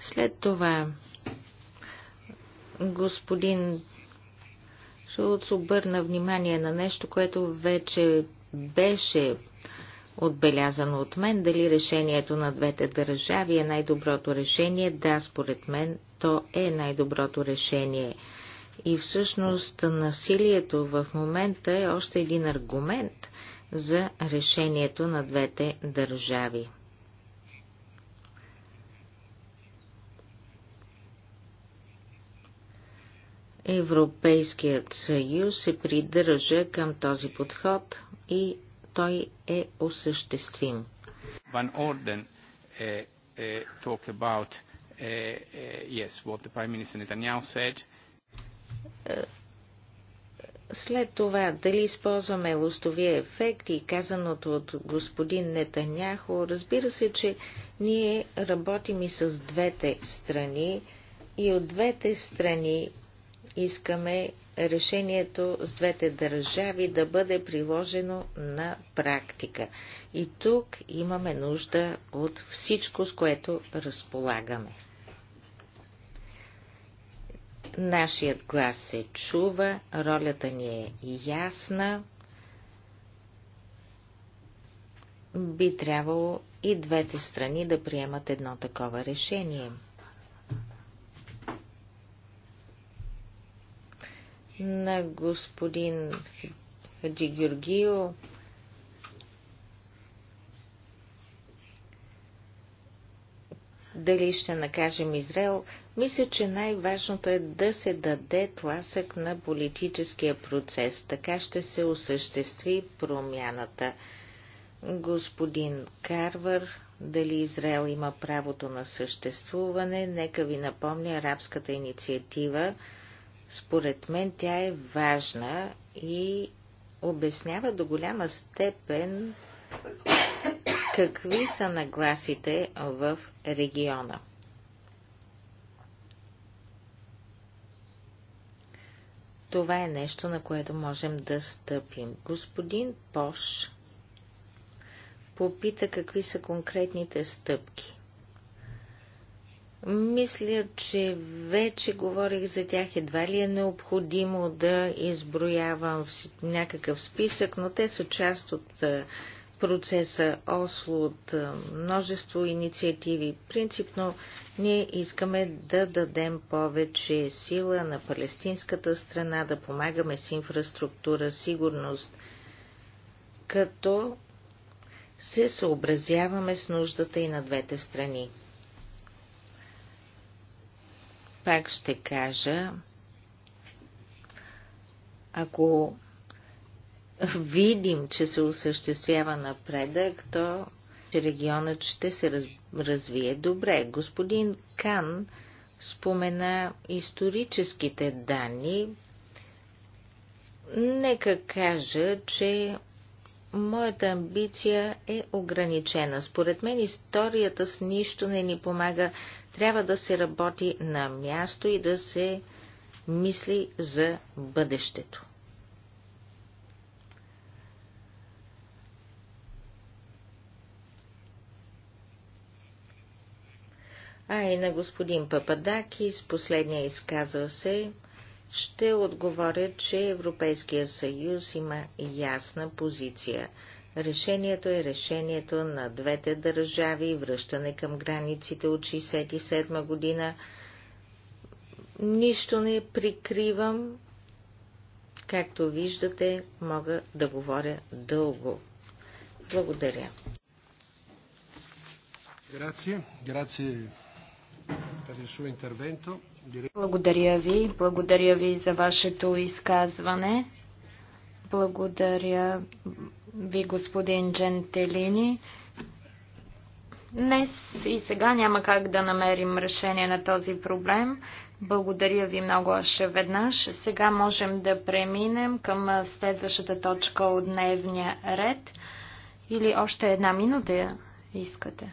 След това Господин Шулц обърна внимание на нещо, което вече беше отбелязано от мен. Дали решението на двете държави е най-доброто решение? Да, според мен то е най-доброто решение. И всъщност насилието в момента е още един аргумент за решението на двете държави. Европейският съюз се придържа към този подход и той е осъществим. Van Orden е, е, talk about е, yes, what the Prime Minister Netanyahu said. След това, дали използваме лостовия ефект и казаното от господин Нетаняхо, разбира се, че ние работим и с двете страни и от двете страни искаме решението с двете държави да бъде приложено на практика. И тук имаме нужда от всичко, с което разполагаме. Нашият глас се чува, ролята ни е ясна. Би трябвало и двете страни да приемат едно такова решение – на господин Хаджи Георгио. Дали ще накажем Израел? Мисля, че най-важното е да се даде тласък на политическия процес. Така ще се осъществи промяната. Господин Карвар, дали Израел има правото на съществуване? Нека ви напомня арабската инициатива – според мен тя е важна и обяснява до голяма степен какви са нагласите в региона. Това е нещо, на което можем да стъпим. Господин Пош попита какви са конкретните стъпки. Мисля, че вече говорих за тях. Едва ли е необходимо да изброявам някакъв списък, но те са част от процеса ОСЛО от множество инициативи. Принципно ние искаме да дадем повече сила на палестинската страна, да помагаме с инфраструктура, сигурност, като се съобразяваме с нуждата и на двете страни пак ще кажа, ако видим, че се осъществява напредък, то регионът ще се развие добре. Господин Кан спомена историческите данни. Нека кажа, че моята амбиция е ограничена. Според мен историята с нищо не ни помага трябва да се работи на място и да се мисли за бъдещето. А и на господин Пападаки с последния изказва се, ще отговоря, че Европейския съюз има ясна позиция – Решението е решението на двете държави, връщане към границите от 67 година. Нищо не прикривам. Както виждате, мога да говоря дълго. Благодаря. Grazie, grazie благодаря ви. Благодаря ви за вашето изказване. Благодаря ви, господин Джентелини. Днес и сега няма как да намерим решение на този проблем. Благодаря ви много още веднъж. Сега можем да преминем към следващата точка от дневния ред. Или още една минута искате?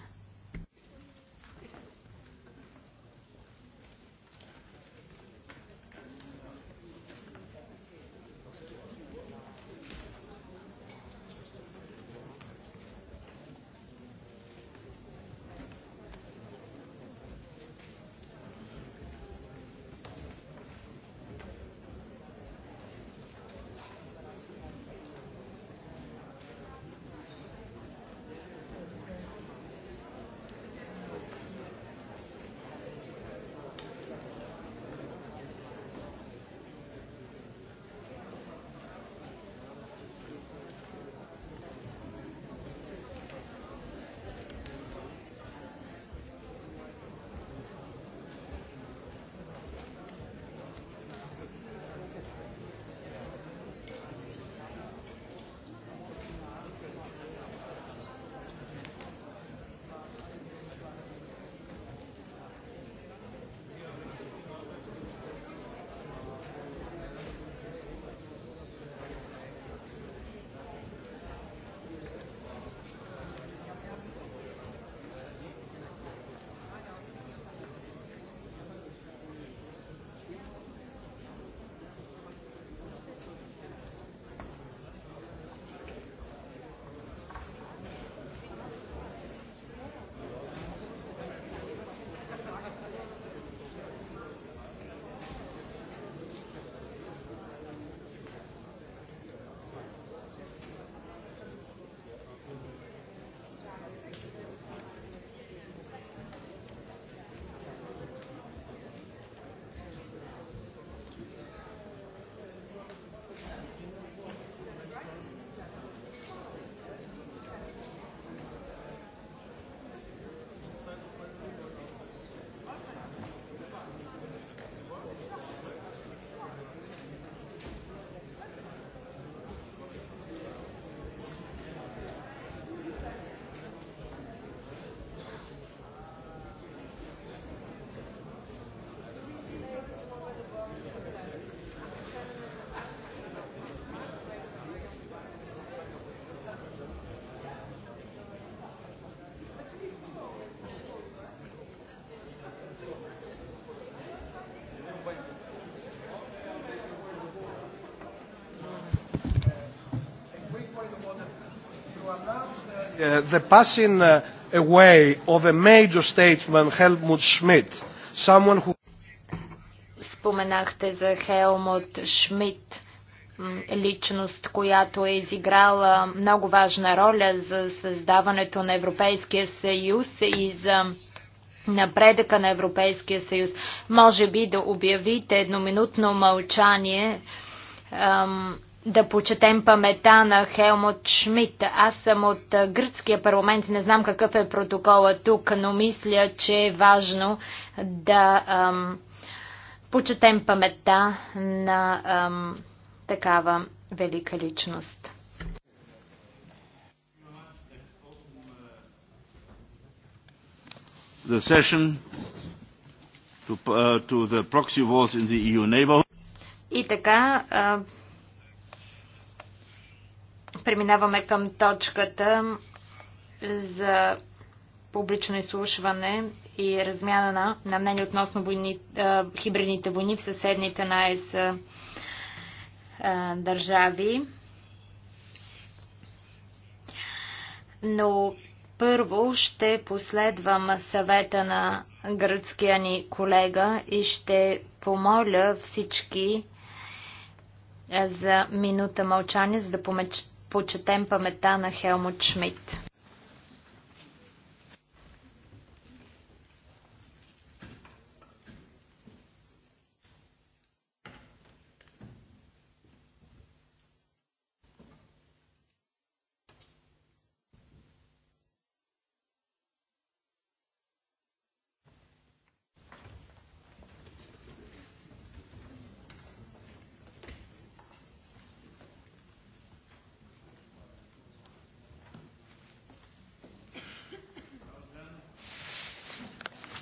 Uh, the passing uh, away of a major statesman, Helmut Schmidt, someone who... Споменахте за Хелмут Шмидт, личност, която е изиграла много важна роля за създаването на Европейския съюз и за напредъка на Европейския съюз. Може би да обявите едноминутно мълчание да почетем памета на Хелмут Шмидт. Аз съм от гръцкия парламент, не знам какъв е протокола тук, но мисля, че е важно да ам, почетем памета на ам, такава велика личност. The session to, uh, to the proxy wars in the EU neighborhood. И така, Преминаваме към точката за публично изслушване и размяна на, на мнение относно войни, а, хибридните войни в съседните на ЕС а, държави. Но първо ще последвам съвета на гръцкия ни колега и ще помоля всички за минута мълчание, за да помеч почетем памета на Хелмут Шмидт.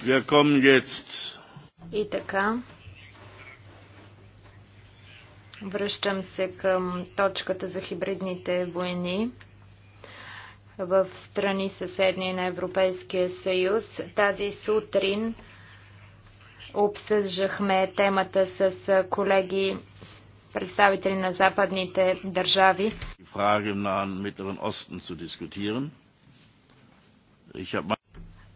Wir kommen jetzt. И така. Връщам се към точката за хибридните войни в страни съседни на Европейския съюз. Тази сутрин обсъждахме темата с колеги представители на западните държави.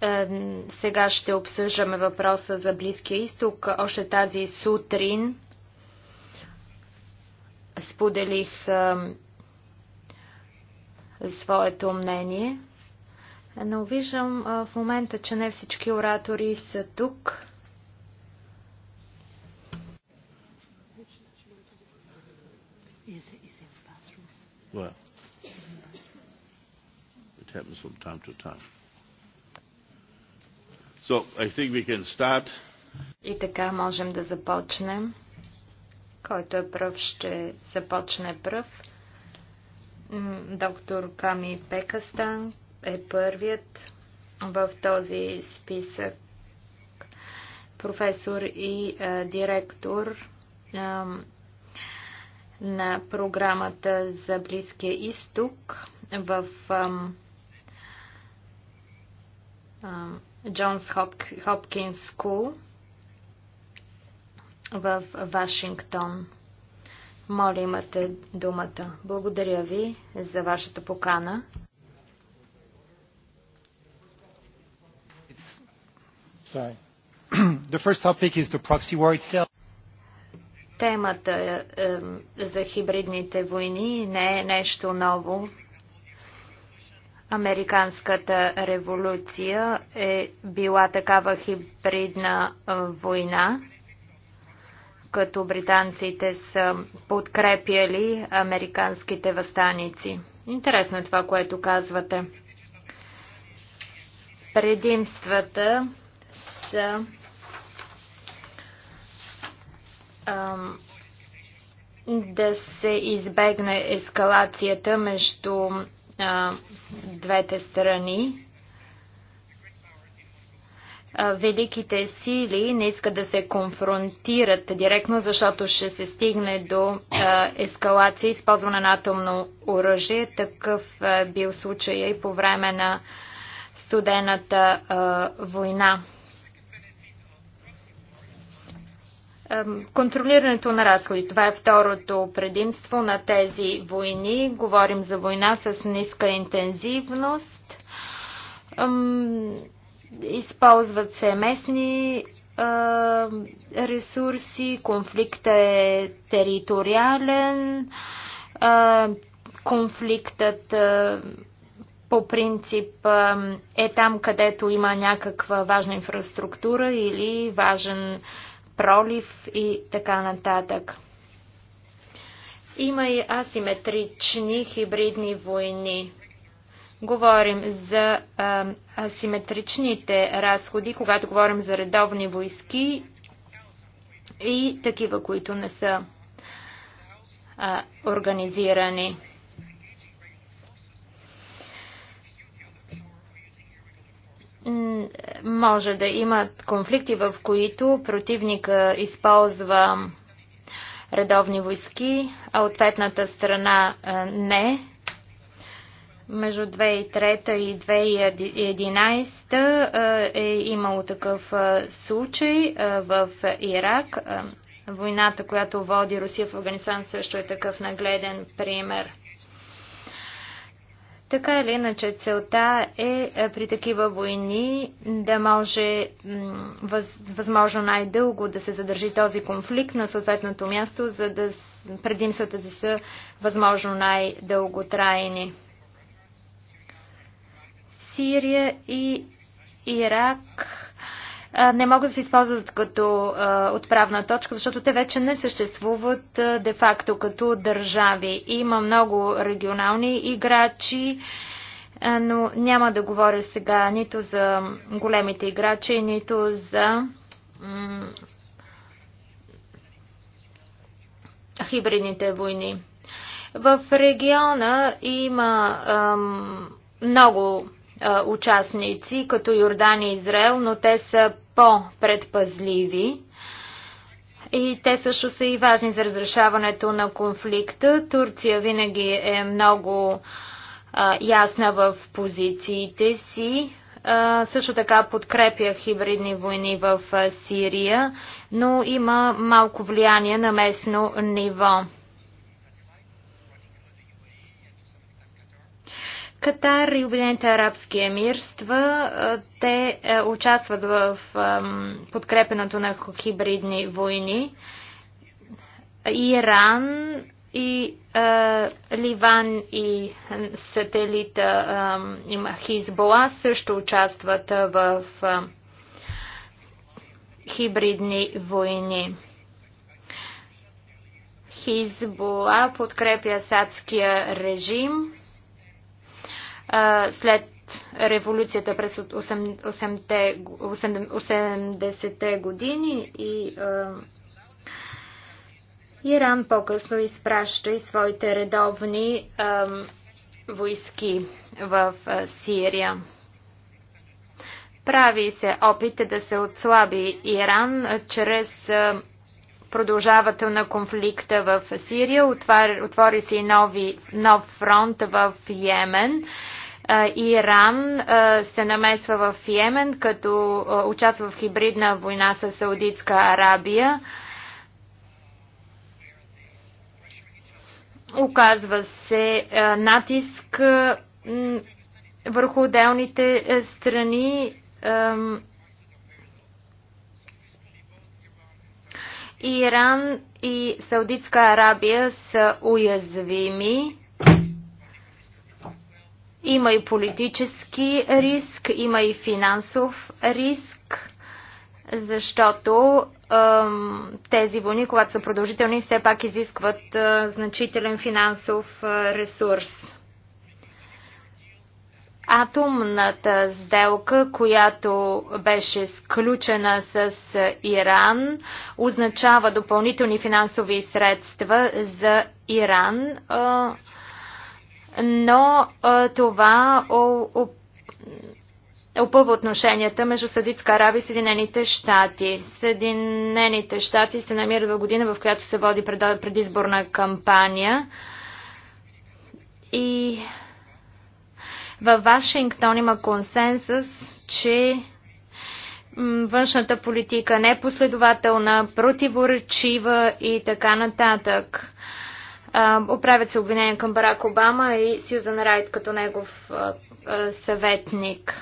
Е, сега ще обсъждаме въпроса за Близкия изток. Още тази сутрин споделих своето мнение. Но виждам в момента, че не всички оратори са тук. Well, it happens from time to time. So, I think we can start. И така можем да започнем. Който е пръв, ще започне пръв. Доктор Ками Пекастан е първият в този списък. Професор и а, директор а, на програмата за Близкия изток в а, Джонс Хопкинс Скул в Вашингтон. Моля, имате думата. Благодаря ви за вашата покана. Темата е, е, за хибридните войни не е нещо ново Американската революция е била такава хибридна война, като британците са подкрепяли американските възстаници. Интересно е това, което казвате. Предимствата са ам, да се избегне ескалацията между а, двете страни. А, великите сили не искат да се конфронтират директно, защото ще се стигне до а, ескалация, използване на атомно оръжие. Такъв а, бил случая и по време на студената а, война. Контролирането на разходи. Това е второто предимство на тези войни. Говорим за война с ниска интензивност. Използват се местни ресурси, Конфликта е териториален, конфликтът по принцип е там, където има някаква важна инфраструктура или важен пролив и така нататък. Има и асиметрични хибридни войни. Говорим за а, асиметричните разходи, когато говорим за редовни войски и такива, които не са а, организирани. може да имат конфликти, в които противника използва редовни войски, а ответната страна не. Между 2003 и 2011 е имало такъв случай в Ирак. Войната, която води Русия в Афганистан, също е такъв нагледен пример. Така или иначе, целта е, е при такива войни да може въз, възможно най-дълго да се задържи този конфликт на съответното място, за да предимствата да са възможно най-дълго трайни. Сирия и Ирак не могат да се използват като отправна точка, защото те вече не съществуват де-факто като държави. Има много регионални играчи, но няма да говоря сега нито за големите играчи, нито за хибридните войни. В региона има ам, много участници, като Йордания и Израел, но те са по-предпазливи. И те също са и важни за разрешаването на конфликта. Турция винаги е много а, ясна в позициите си. А, също така подкрепя хибридни войни в Сирия, но има малко влияние на местно ниво. Катар и Обединените арабски емирства. Те участват в подкрепенето на хибридни войни. Иран и Ливан и сателита е, Хизбола също участват в хибридни войни. Хизбола подкрепя садския режим след революцията през 80-те години и Иран по-късно изпраща и своите редовни войски в Сирия. Прави се опит да се отслаби Иран чрез продължавател на конфликта в Сирия. Отвори, се и нов фронт в Йемен. Иран се намесва в Йемен, като участва в хибридна война с Саудитска Арабия. Оказва се натиск върху отделните страни. Иран и Саудитска Арабия са уязвими има и политически риск, има и финансов риск, защото тези войни, когато са продължителни, все пак изискват значителен финансов ресурс. Атомната сделка, която беше сключена с Иран, означава допълнителни финансови средства за Иран но а, това опъва отношенията между Саудитска Арабия и Съединените щати. Съединените щати се намират в година, в която се води предизборна кампания. И във Вашингтон има консенсус, че външната политика не е последователна, противоречива и така нататък. Оправят се обвинения към Барак Обама и Сюзан Райт като негов съветник.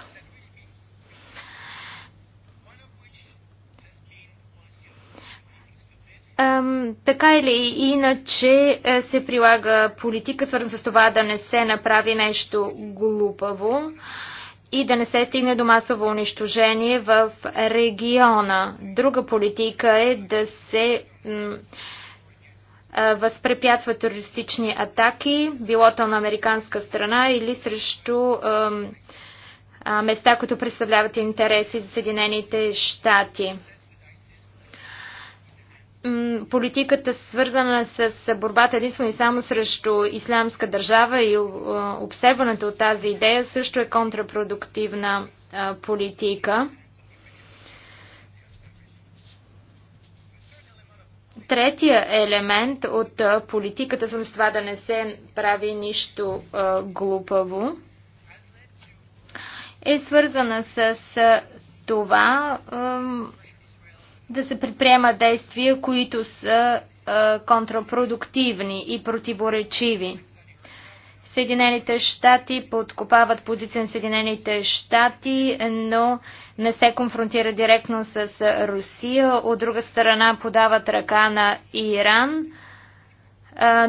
така или иначе се прилага политика, свързана с това да не се направи нещо глупаво и да не се стигне до масово унищожение в региона. Друга политика е да се възпрепятства терористични атаки, било то на американска страна или срещу места, които представляват интереси за Съединените щати. Политиката свързана с борбата единствено и само срещу ислямска държава и обсебването от тази идея също е контрапродуктивна политика. Третия елемент от политиката съм с това да не се прави нищо глупаво е свързана с това да се предприема действия, които са контрапродуктивни и противоречиви. Съединените щати, подкопават позиция на Съединените щати, но не се конфронтира директно с Русия. От друга страна подават ръка на Иран.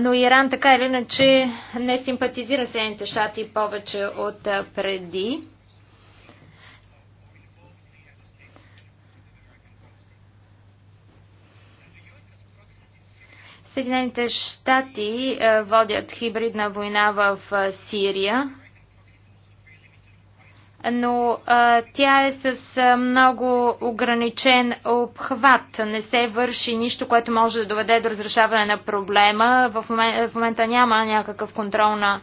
Но Иран така или иначе не симпатизира Съединените щати повече от преди. Съединените щати е, водят хибридна война в е, Сирия, но е, тя е с много ограничен обхват. Не се върши нищо, което може да доведе до разрешаване на проблема. В момента, в момента няма някакъв контрол на,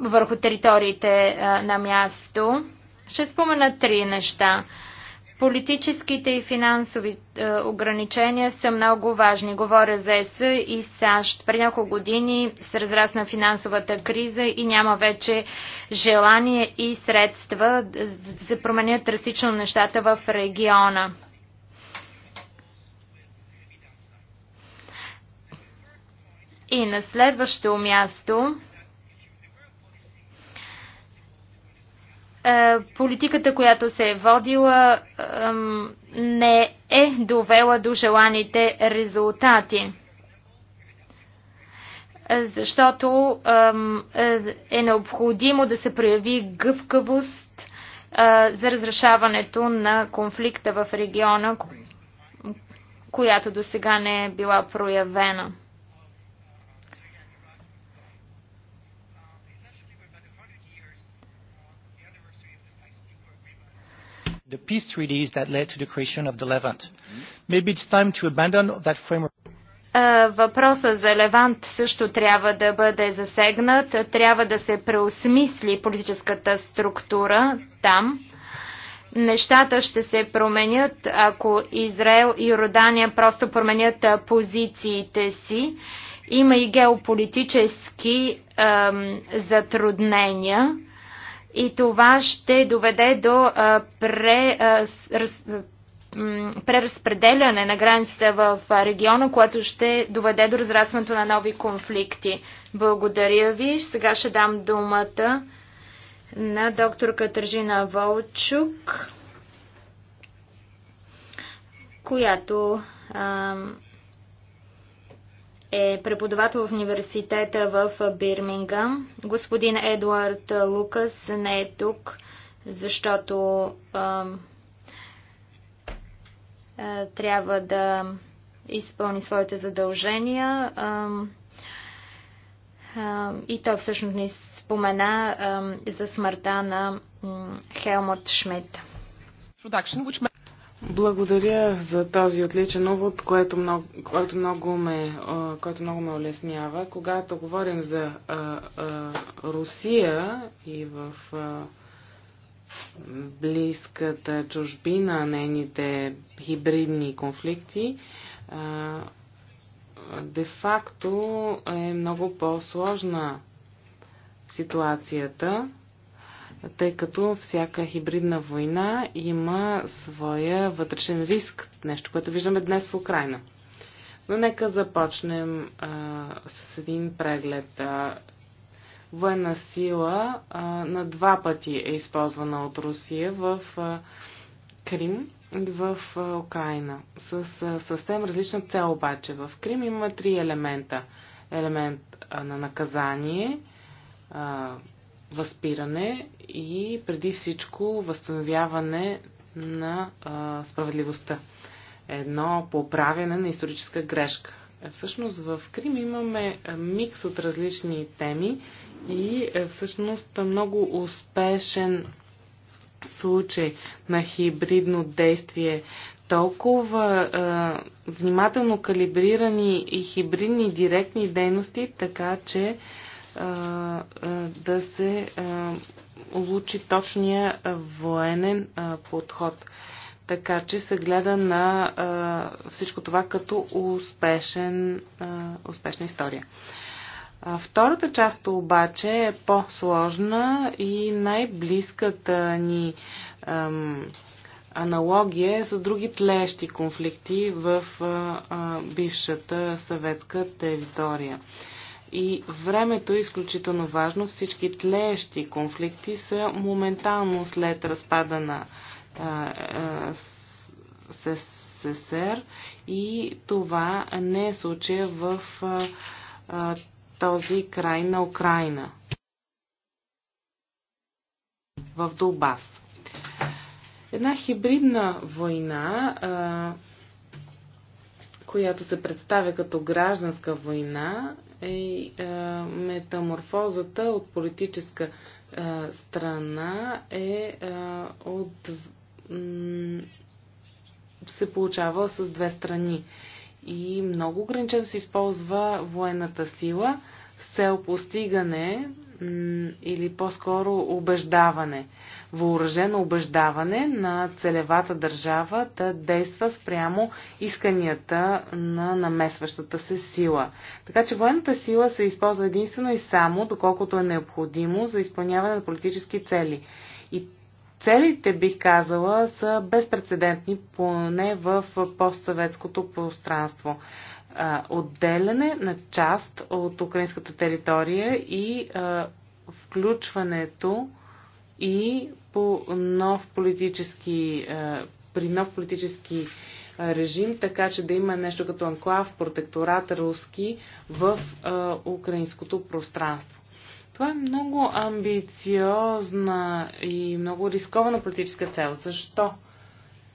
върху териториите на място. Ще спомена три неща. Политическите и финансови е, ограничения са много важни. Говоря за ЕС и САЩ. При няколко години се разрасна финансовата криза и няма вече желание и средства да се променят драстично нещата в региона. И на следващо място Е, политиката, която се е водила, не е довела до желаните резултати. Е, защото е, е необходимо да се прояви гъвкавост за разрешаването на конфликта в региона, която до сега не е била проявена. the peace treaties that led to the creation of the Levant. Maybe it's time to abandon that framework. Въпроса за Левант също трябва да бъде засегнат. Трябва да се преосмисли политическата структура там. Нещата ще се променят, ако Израел и Йордания просто променят позициите си. Има и геополитически ем, затруднения и това ще доведе до преразпределяне на границите в региона, което ще доведе до разрастването на нови конфликти. Благодаря ви. Сега ще дам думата на доктор Катържина Волчук, която е преподавател в университета в Бирмингам. Господин Едуард Лукас не е тук, защото а, а, трябва да изпълни своите задължения. А, а, и той всъщност ни спомена а, за смъртта на Хелмут Шмидт. Благодаря за този отличен увод, което много, което много ме, което много ме улеснява. Когато говорим за а, а, Русия и в а, близката чужбина, нейните хибридни конфликти, а, де-факто е много по-сложна ситуацията тъй като всяка хибридна война има своя вътрешен риск, нещо, което виждаме днес в Украина. Но нека започнем а, с един преглед. А, военна сила а, на два пъти е използвана от Русия в а, Крим и в а, Украина. С а, съвсем различна цел обаче. В Крим има три елемента. Елемент а, на наказание, а, възпиране и преди всичко възстановяване на а, справедливостта. Едно поправяне на историческа грешка. Е, всъщност в Крим имаме микс от различни теми и е, всъщност много успешен случай на хибридно действие. Толкова е, внимателно калибрирани и хибридни директни дейности, така че да се улучи точния военен подход. Така че се гледа на всичко това като успешен, успешна история. втората част обаче е по-сложна и най-близката ни аналогия е с други тлещи конфликти в бившата съветска територия. И времето е изключително важно. Всички тлеещи конфликти са моментално след разпада на СССР и това не е случая в а, а, този край на Украина. В Долбас. Една хибридна война, а, която се представя като гражданска война, е, е метаморфозата от политическа е, страна е, е от се получава с две страни. И много ограничено се използва военната сила с цел постигане или по-скоро убеждаване въоръжено убеждаване на целевата държава да действа спрямо исканията на намесващата се сила. Така че военната сила се използва единствено и само, доколкото е необходимо за изпълняване на политически цели. И целите, бих казала, са безпредседентни, поне в постсъветското пространство отделяне на част от украинската територия и а, включването и по нов политически, е, при нов политически е, режим, така че да има нещо като анклав, протекторат руски в е, украинското пространство. Това е много амбициозна и много рискована политическа цел. Защо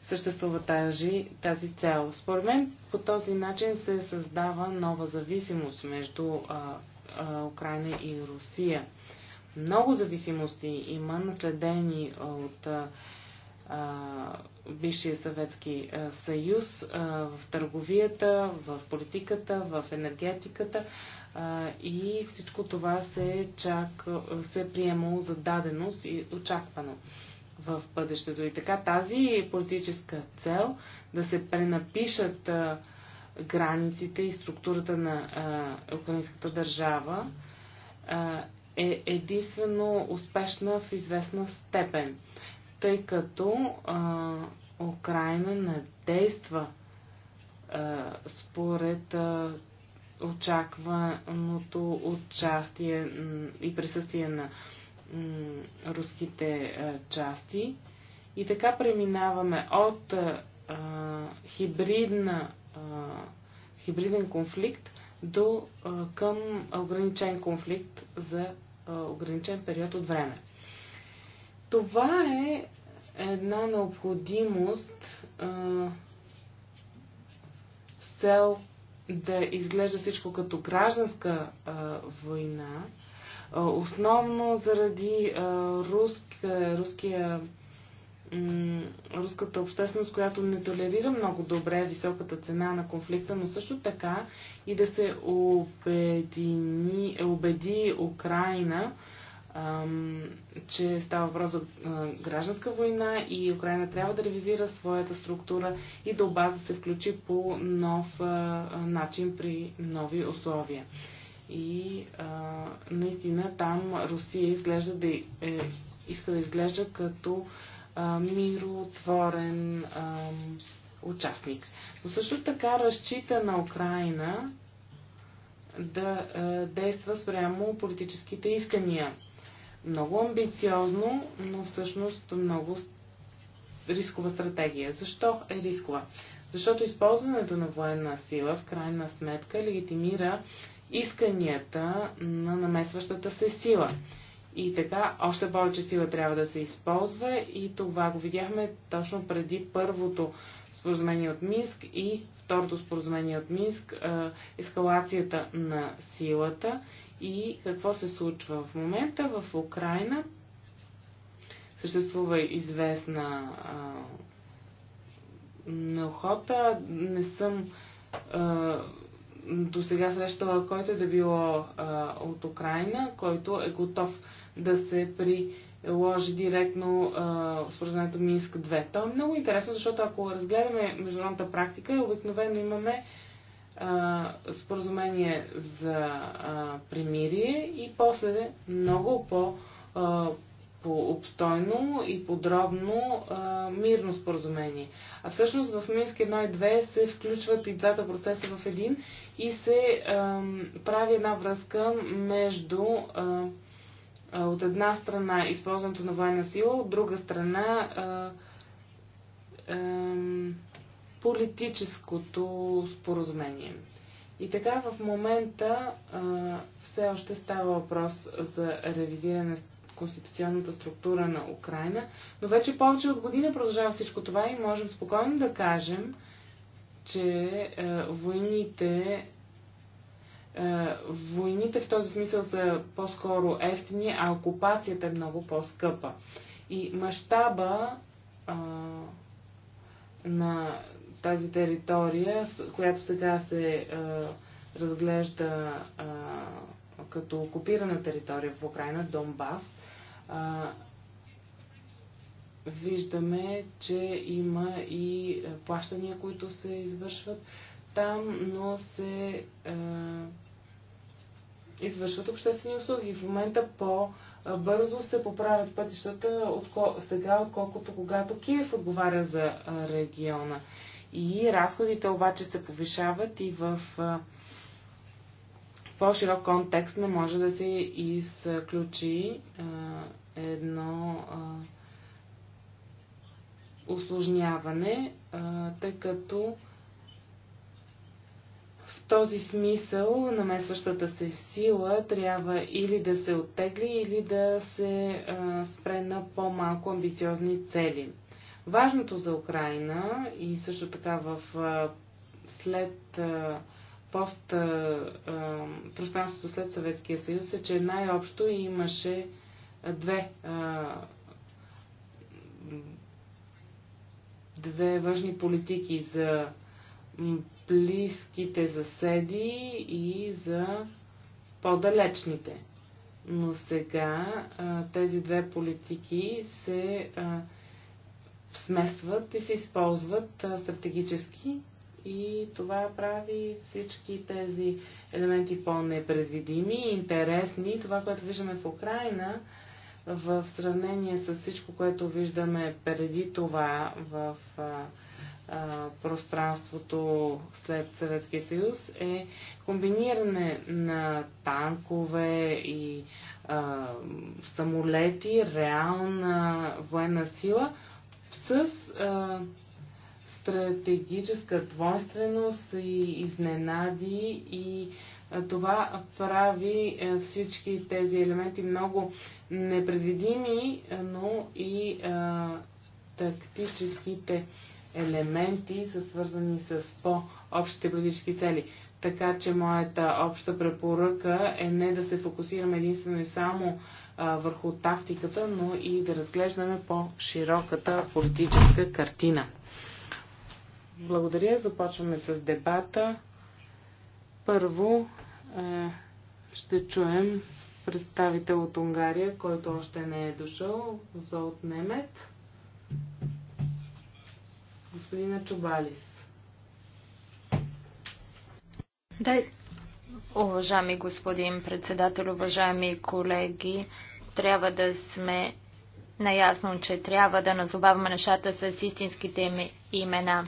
съществува тази, тази цел? Според мен по този начин се създава нова зависимост между а, а, Украина и Русия. Много зависимости има, наследени от бившия съветски съюз в търговията, в политиката, в енергетиката и всичко това се, чак, се е приемало за даденост и очаквано в бъдещето. И така тази политическа цел да се пренапишат границите и структурата на украинската държава е единствено успешна в известна степен, тъй като а, Украина не действа а, според а, очакваното участие и присъствие на руските а, части. И така преминаваме от а, хибридна, а, хибриден конфликт до а, към ограничен конфликт за ограничен период от време. Това е една необходимост с цел да изглежда всичко като гражданска а, война, а, основно заради а, руск, а, руския руската общественост, която не толерира много добре високата цена на конфликта, но също така и да се обедини, е, убеди Украина, ам, че става въпрос за гражданска война и Украина трябва да ревизира своята структура и Донбас да се включи по нов а, начин при нови условия. И а, наистина там Русия изглежда да е, иска да изглежда като миротворен участник. Но също така разчита на Украина да действа спрямо политическите искания. Много амбициозно, но всъщност много рискова стратегия. Защо е рискова? Защото използването на военна сила в крайна сметка легитимира исканията на намесващата се сила. И така, още повече сила трябва да се използва и това го видяхме точно преди първото споразумение от Минск и второто споразумение от Минск, ескалацията на силата и какво се случва в момента в Украина. Съществува известна неохота. Не съм до сега срещала който е да било от Украина, който е готов да се приложи директно споразумението Минск 2. То е много интересно, защото ако разгледаме международната практика, обикновено имаме а, споразумение за а, примирие и после много по, а, по обстойно и подробно а, мирно споразумение. А всъщност в Минск 1 и 2 се включват и двата процеса в един и се а, прави една връзка между а, от една страна използването на военна сила, от друга страна политическото споразумение. И така в момента все още става въпрос за ревизиране на конституционната структура на Украина, но вече повече от година продължава всичко това и можем спокойно да кажем, че войните е, войните в този смисъл са по-скоро ефтини, а окупацията е много по-скъпа. И мащаба на тази територия, която сега се а, е, разглежда а, като окупирана територия в Украина, Донбас, а, виждаме, че има и е, плащания, които се извършват там, но се а, извършват обществени услуги. В момента по-бързо се поправят пътищата ко... сега, отколкото когато Киев отговаря за региона. И разходите обаче се повишават и в по-широк контекст не може да се изключи едно усложняване, тъй като този смисъл намесващата се сила трябва или да се оттегли, или да се а, спре на по-малко амбициозни цели. Важното за Украина и също така в а, след а, пост а, пространството след Съветския съюз е, че най-общо имаше две а, две важни политики за близките заседи и за по-далечните. Но сега а, тези две политики се а, смесват и се използват а, стратегически и това прави всички тези елементи по-непредвидими, и интересни. Това, което виждаме в Украина, в сравнение с всичко, което виждаме преди това в а, пространството след Съветския съюз е комбиниране на танкове и а, самолети, реална военна сила с а, стратегическа двойственост и изненади и това прави всички тези елементи много непредвидими, но и а, тактическите елементи са свързани с по-общите политически цели. Така че моята обща препоръка е не да се фокусираме единствено и само а, върху тактиката, но и да разглеждаме по-широката политическа картина. Благодаря. Започваме с дебата. Първо е, ще чуем представител от Унгария, който още не е дошъл, Золт Немет. Господина Чубалис. Дай, уважаеми господин председател, уважаеми колеги, трябва да сме наясно, че трябва да назоваваме нещата с истинските имена.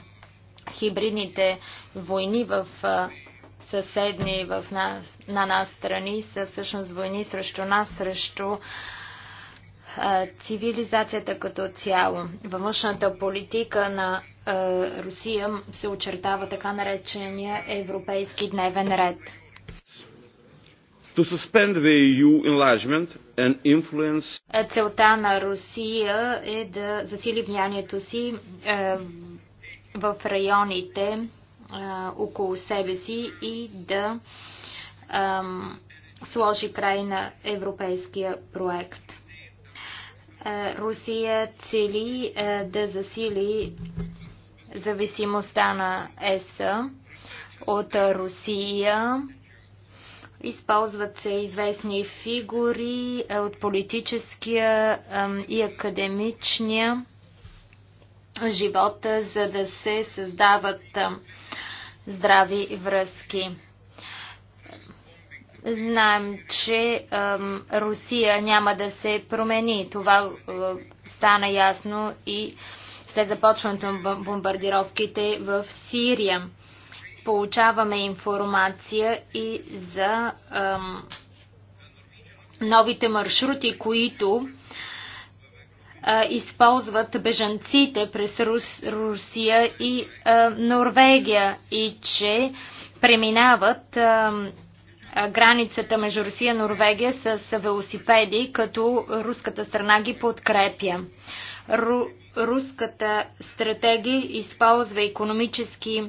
Хибридните войни в съседни в нас, на нас страни са всъщност войни срещу нас, срещу цивилизацията като цяло. Във външната политика на е, Русия се очертава така наречения европейски дневен ред. E е, целта на Русия е да засили влиянието си е, в районите около себе си и да сложи край на европейския проект. Русия цели да засили зависимостта на ЕС от Русия. Използват се известни фигури е, от политическия и академичния живота, е, за да се създават здрави връзки. Знаем, че Русия няма да се промени. Това е, стана ясно и след започването на бомбардировките в Сирия. Получаваме информация и за ам, новите маршрути, които а, използват бежанците през Рус, Русия и а, Норвегия и че преминават а, границата между Русия и Норвегия с велосипеди, като руската страна ги подкрепя. Ру руската стратегия използва економически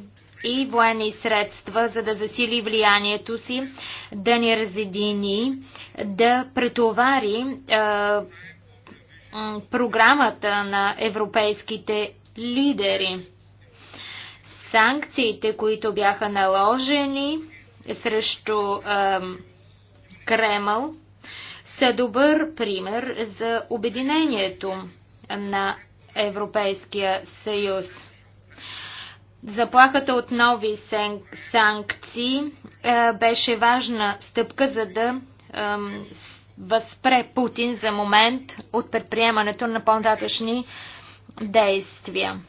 и военни средства, за да засили влиянието си, да ни разедини, да претовари е, програмата на европейските лидери. Санкциите, които бяха наложени срещу е, Кремъл, са добър пример за обединението на Европейския съюз. Заплахата от нови санкции е, беше важна стъпка, за да възпре Путин за момент от предприемането на по-нататъчни действия.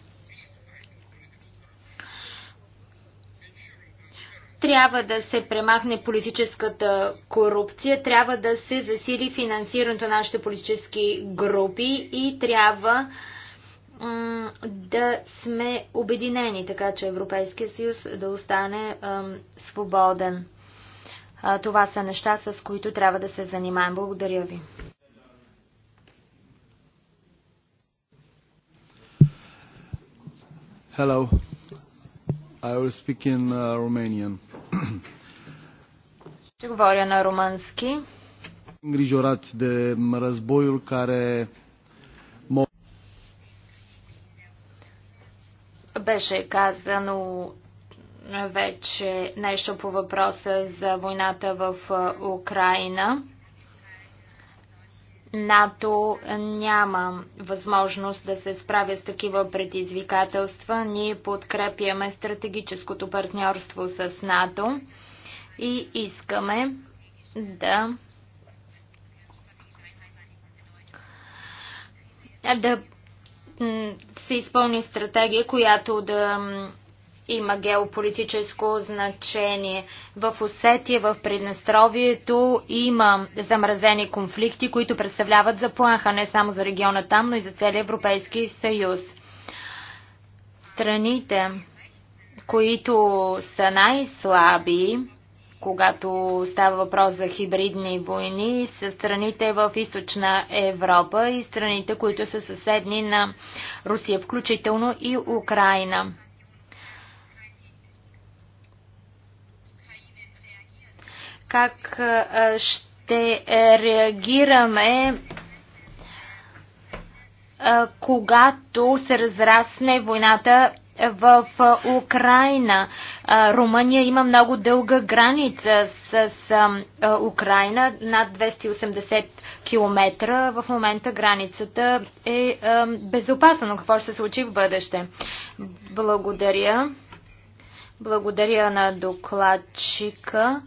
трябва да се премахне политическата корупция, трябва да се засили финансирането на нашите политически групи и трябва да сме обединени, така че Европейския съюз да остане свободен. Това са неща, с които трябва да се занимаем. Благодаря ви. Hello. I will speak in uh, Romanian. Ще говоря на румънски. Грижорат de războiul care Беше казано вече нещо по въпроса за войната в Украина. НАТО няма възможност да се справя с такива предизвикателства. Ние подкрепяме стратегическото партньорство с НАТО и искаме да да се изпълни стратегия, която да има геополитическо значение. В Осетия, в Приднестровието има замразени конфликти, които представляват заплаха не само за региона там, но и за целия Европейски съюз. Страните, които са най-слаби, когато става въпрос за хибридни войни с страните в източна Европа и страните, които са съседни на Русия, включително и Украина. Как ще реагираме когато се разрасне войната в Украина. Румъния има много дълга граница с Украина, над 280 км. В момента границата е безопасна, но какво ще се случи в бъдеще? Благодаря. Благодаря на докладчика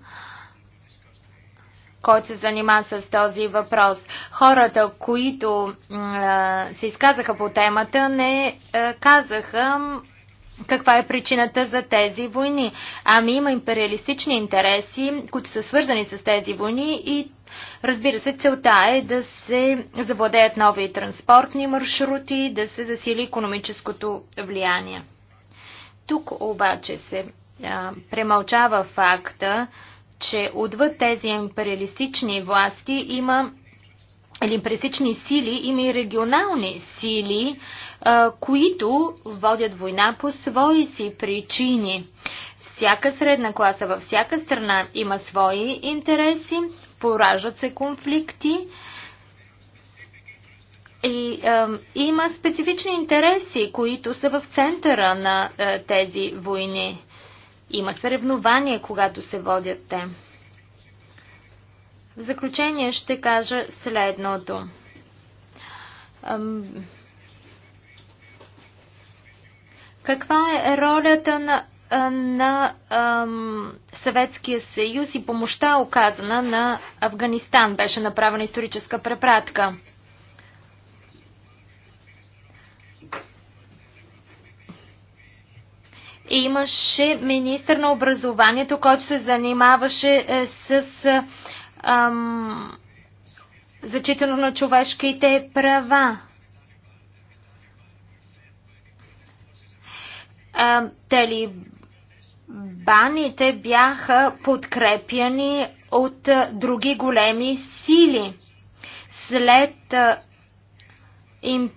който се занима с този въпрос. Хората, които а, се изказаха по темата, не а, казаха каква е причината за тези войни? Ами има империалистични интереси, които са свързани с тези войни и разбира се, целта е да се завладеят нови транспортни маршрути, да се засили економическото влияние. Тук обаче се а, премълчава факта, че отвъд тези империалистични власти има или сили, има и регионални сили, които водят война по свои си причини. Всяка средна класа във всяка страна има свои интереси, поражат се конфликти и е, има специфични интереси, които са в центъра на е, тези войни. Има съревнования, когато се водят те. В заключение ще кажа следното. Каква е ролята на, на ам, Съветския съюз и помощта оказана на Афганистан? Беше направена историческа препратка. И имаше министр на образованието, който се занимаваше е, с ам, зачитано на човешките права. Ам, талибаните бяха подкрепяни от други големи сили. След им,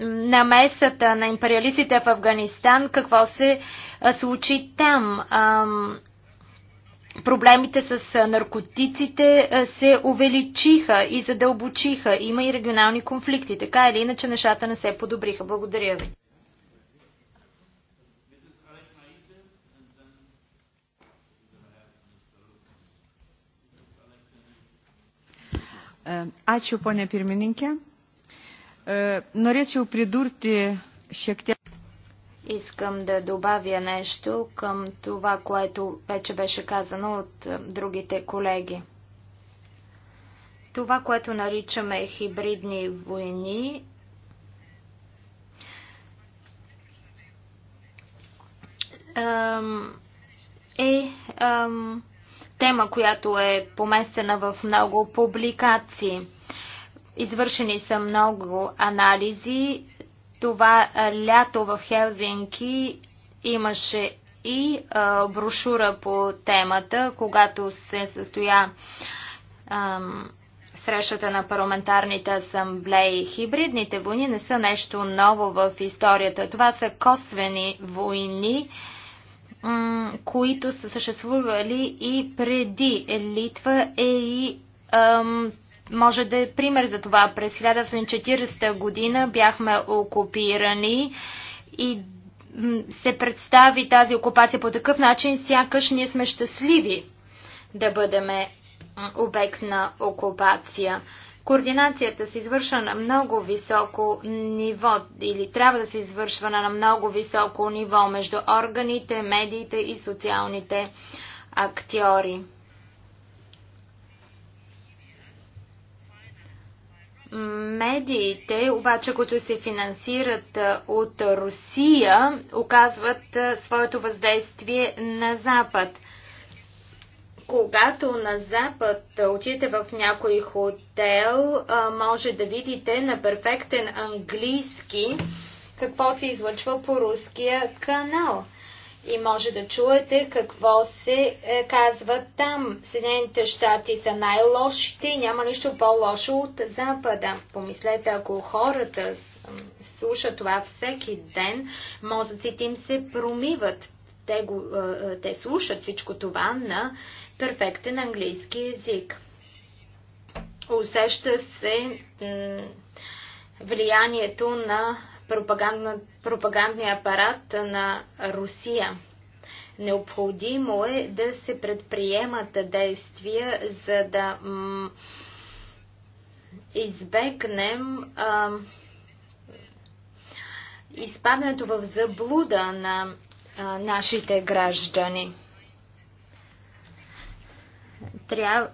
намесата на империалистите в Афганистан, какво се а, случи там? Ам, Проблемите с наркотиците се увеличиха и задълбочиха. Има и регионални конфликти. Така или иначе нещата не се подобриха. Благодаря ви. Ačiū, ponė pirmininkė. Norėčiau pridurti šiek tiek. Искам да добавя нещо към това, което вече беше казано от е, другите колеги. Това, което наричаме хибридни войни, е тема, която е поместена в много публикации. Извършени са много анализи това лято в Хелзинки имаше и брошура по темата, когато се състоя срещата на парламентарните асамблеи. Хибридните войни не са нещо ново в историята. Това са косвени войни, които са съществували и преди. Литва е и може да е пример за това. През 1940 година бяхме окупирани и се представи тази окупация по такъв начин, сякаш ние сме щастливи да бъдем обект на окупация. Координацията се извършва на много високо ниво или трябва да се извършва на много високо ниво между органите, медиите и социалните актьори. Медиите, обаче, които се финансират от Русия, оказват своето въздействие на Запад. Когато на Запад отидете в някой хотел, може да видите на перфектен английски какво се излъчва по руския канал – и може да чуете какво се е, казва там. Съединените щати са най-лошите и няма нищо по-лошо от Запада. Помислете, ако хората слушат това всеки ден, мозъците им се промиват. Те, го, е, е те слушат всичко това на перфектен английски язик. Усеща се влиянието на пропагандния апарат на Русия. Необходимо е да се предприемат действия, за да избегнем а, изпадането в заблуда на а, нашите граждани.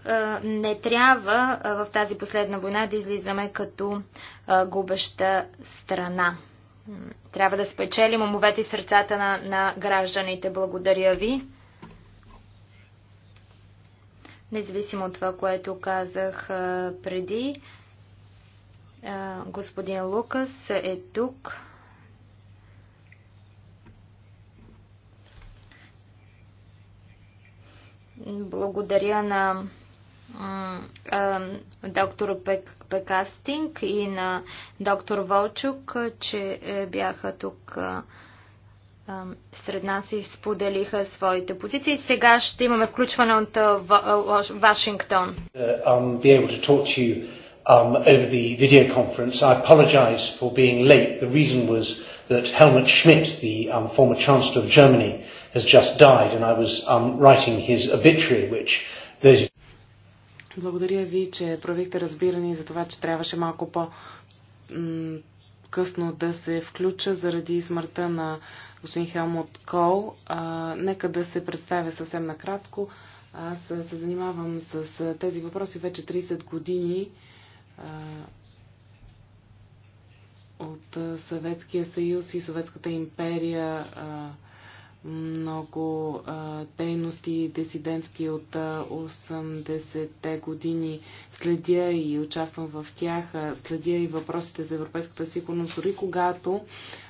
а, не трябва а, в тази последна война да излизаме като а, губеща страна. Трябва да спечелим умовете и сърцата на, на гражданите. Благодаря ви. Независимо от това, което казах преди, господин Лукас е тук. Благодаря на доктор Пекастинг и на доктор Волчук, че бяха тук сред нас и споделиха своите позиции. Сега ще имаме включване от Вашингтон. Um, over the video conference. I apologize for being late. The reason was that Helmut Schmidt, the um, former Chancellor of Germany, has just died, and I was um, writing his obituary, which those of благодаря ви, че проявихте разбиране и за това, че трябваше малко по- късно да се включа заради смъртта на господин Хелмут Кол. А, нека да се представя съвсем накратко. Аз се занимавам с, с тези въпроси вече 30 години а, от Съветския съюз и Съветската империя. А, много а, дейности десидентски от 80-те години. Следя и участвам в тях. следя и въпросите за европейската сигурност, дори когато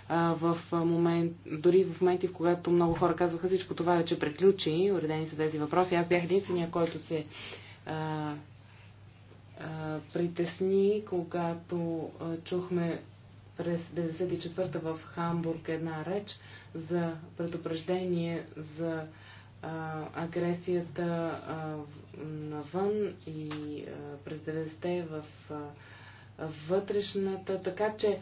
а, в момент, дори в моменти, в когато много хора казваха всичко това вече приключи, уредени са тези въпроси. Аз бях единствения, който се а, притесни, когато чухме през 1994 в Хамбург една реч за предупреждение за а, агресията а, навън и а, през 90-те в а, вътрешната. Така че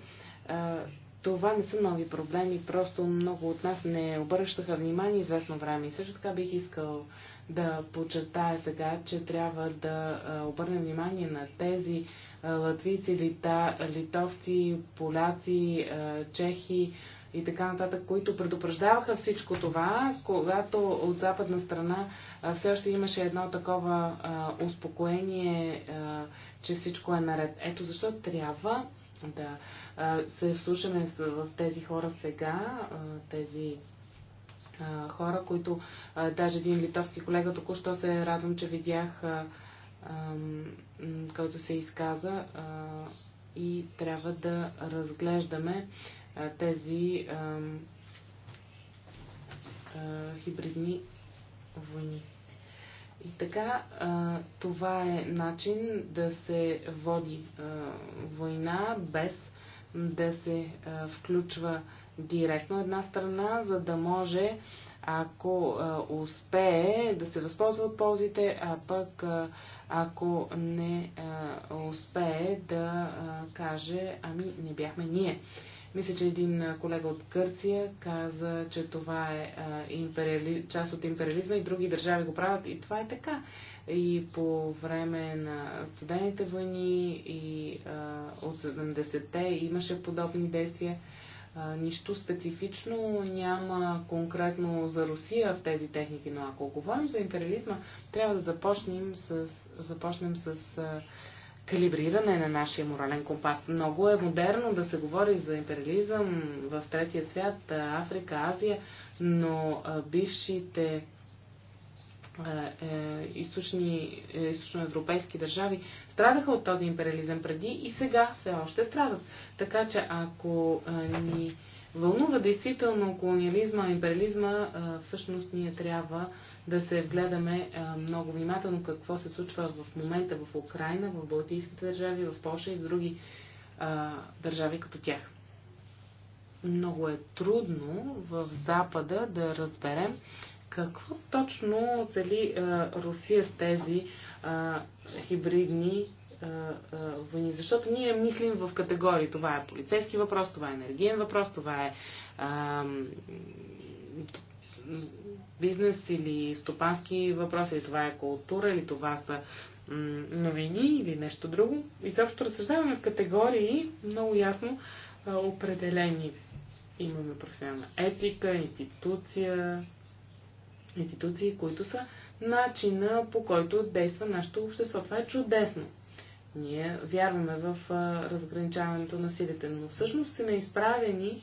а, това не са нови проблеми, просто много от нас не обръщаха внимание известно време. И също така бих искал да подчертая сега, че трябва да обърнем внимание на тези латвийци, лита, литовци, поляци, чехи и така нататък, които предупреждаваха всичко това, когато от западна страна все още имаше едно такова успокоение, че всичко е наред. Ето защо трябва да се вслушаме в тези хора сега, тези хора, които даже един литовски колега току-що се радвам, че видях, който се изказа и трябва да разглеждаме тези хибридни войни. И така, това е начин да се води война без да се включва директно една страна, за да може, ако успее, да се възползва от ползите, а пък ако не успее, да каже, ами не бяхме ние. Мисля, че един колега от Кърция каза, че това е империали... част от империализма и други държави го правят и това е така и по време на студените войни и а, от 70-те имаше подобни действия. А, нищо специфично няма конкретно за Русия в тези техники, но ако говорим за империализма, трябва да започнем с, започнем с а, калибриране на нашия морален компас. Много е модерно да се говори за империализъм в третия свят, Африка, Азия, но а, бившите е, е, източни, е, източноевропейски държави страдаха от този империализъм преди и сега все още страдат. Така че ако ни вълнува действително колониализма, империализма, всъщност ние трябва да се вгледаме много внимателно какво се случва в момента в Украина, в Балтийските държави, в Польша и в други държави като тях. Много е трудно в Запада да разберем, какво точно цели Русия с тези а, хибридни а, а, войни? Защото ние мислим в категории. Това е полицейски въпрос, това е енергиен въпрос, това е а, бизнес или стопански въпрос, или това е култура, или това са новини или нещо друго. И също разсъждаваме в категории много ясно определени. Имаме професионална етика, институция, институции, които са начина по който действа нашето общество. Това е чудесно. Ние вярваме в а, разграничаването на силите, но всъщност сме изправени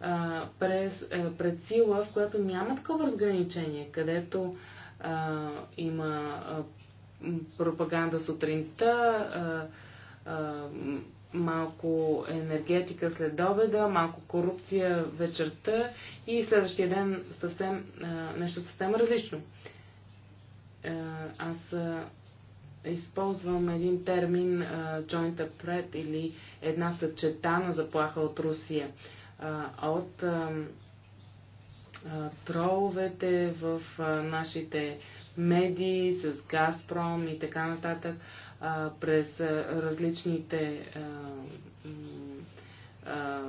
а, през, а, пред сила, в която няма такова разграничение, където а, има а, пропаганда сутринта, а, а, малко енергетика след обеда, малко корупция вечерта и следващия ден съвсем, а, нещо съвсем различно. А, аз а, използвам един термин а, joint up threat или една съчетана заплаха от Русия. А, от а, троловете в а, нашите медии с Газпром и така нататък а, през а, различните а,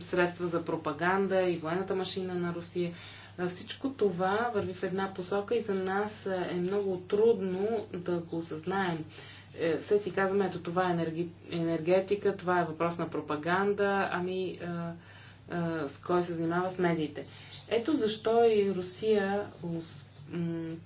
средства за пропаганда и военната машина на Русия. Всичко това върви в една посока и за нас е много трудно да го осъзнаем. Е, все си казваме, ето това е енергетика, това е въпрос на пропаганда, ами а, а, с кой се занимава с медиите. Ето защо и Русия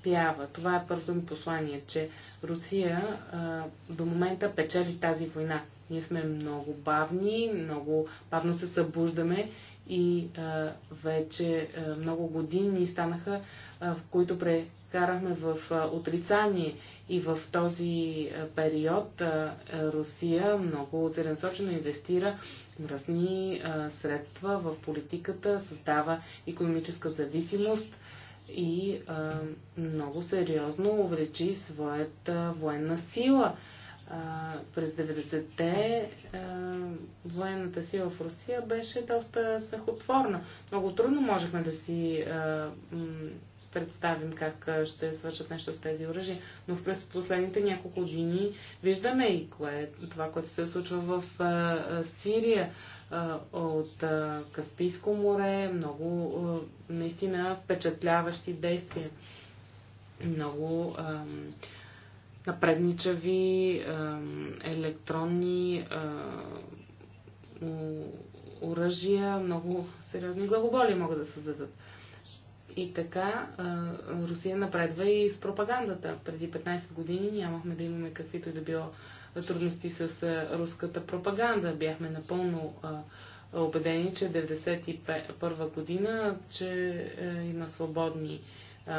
пява. Това е първото ми послание, че Русия а, до момента печели тази война. Ние сме много бавни, много бавно се събуждаме и а, вече а, много години станаха, а, в които прекарахме в а, отрицание и в този а, период а, Русия много целенсочено инвестира разни а, средства в политиката, създава економическа зависимост и а, много сериозно увеличи своята военна сила. А, през 90-те военната сила в Русия беше доста смехотворна. Много трудно можехме да си а, представим как ще свършат нещо с тези оръжия. Но в през последните няколко години виждаме и кое, това, което се случва в а, Сирия, от Каспийско море, много наистина впечатляващи действия, много напредничави електронни оръжия, много сериозни главоболи могат да създадат. И така Русия напредва и с пропагандата. Преди 15 години нямахме да имаме каквито и да било трудности с руската пропаганда. Бяхме напълно убедени, че 1991 година, че е, има свободни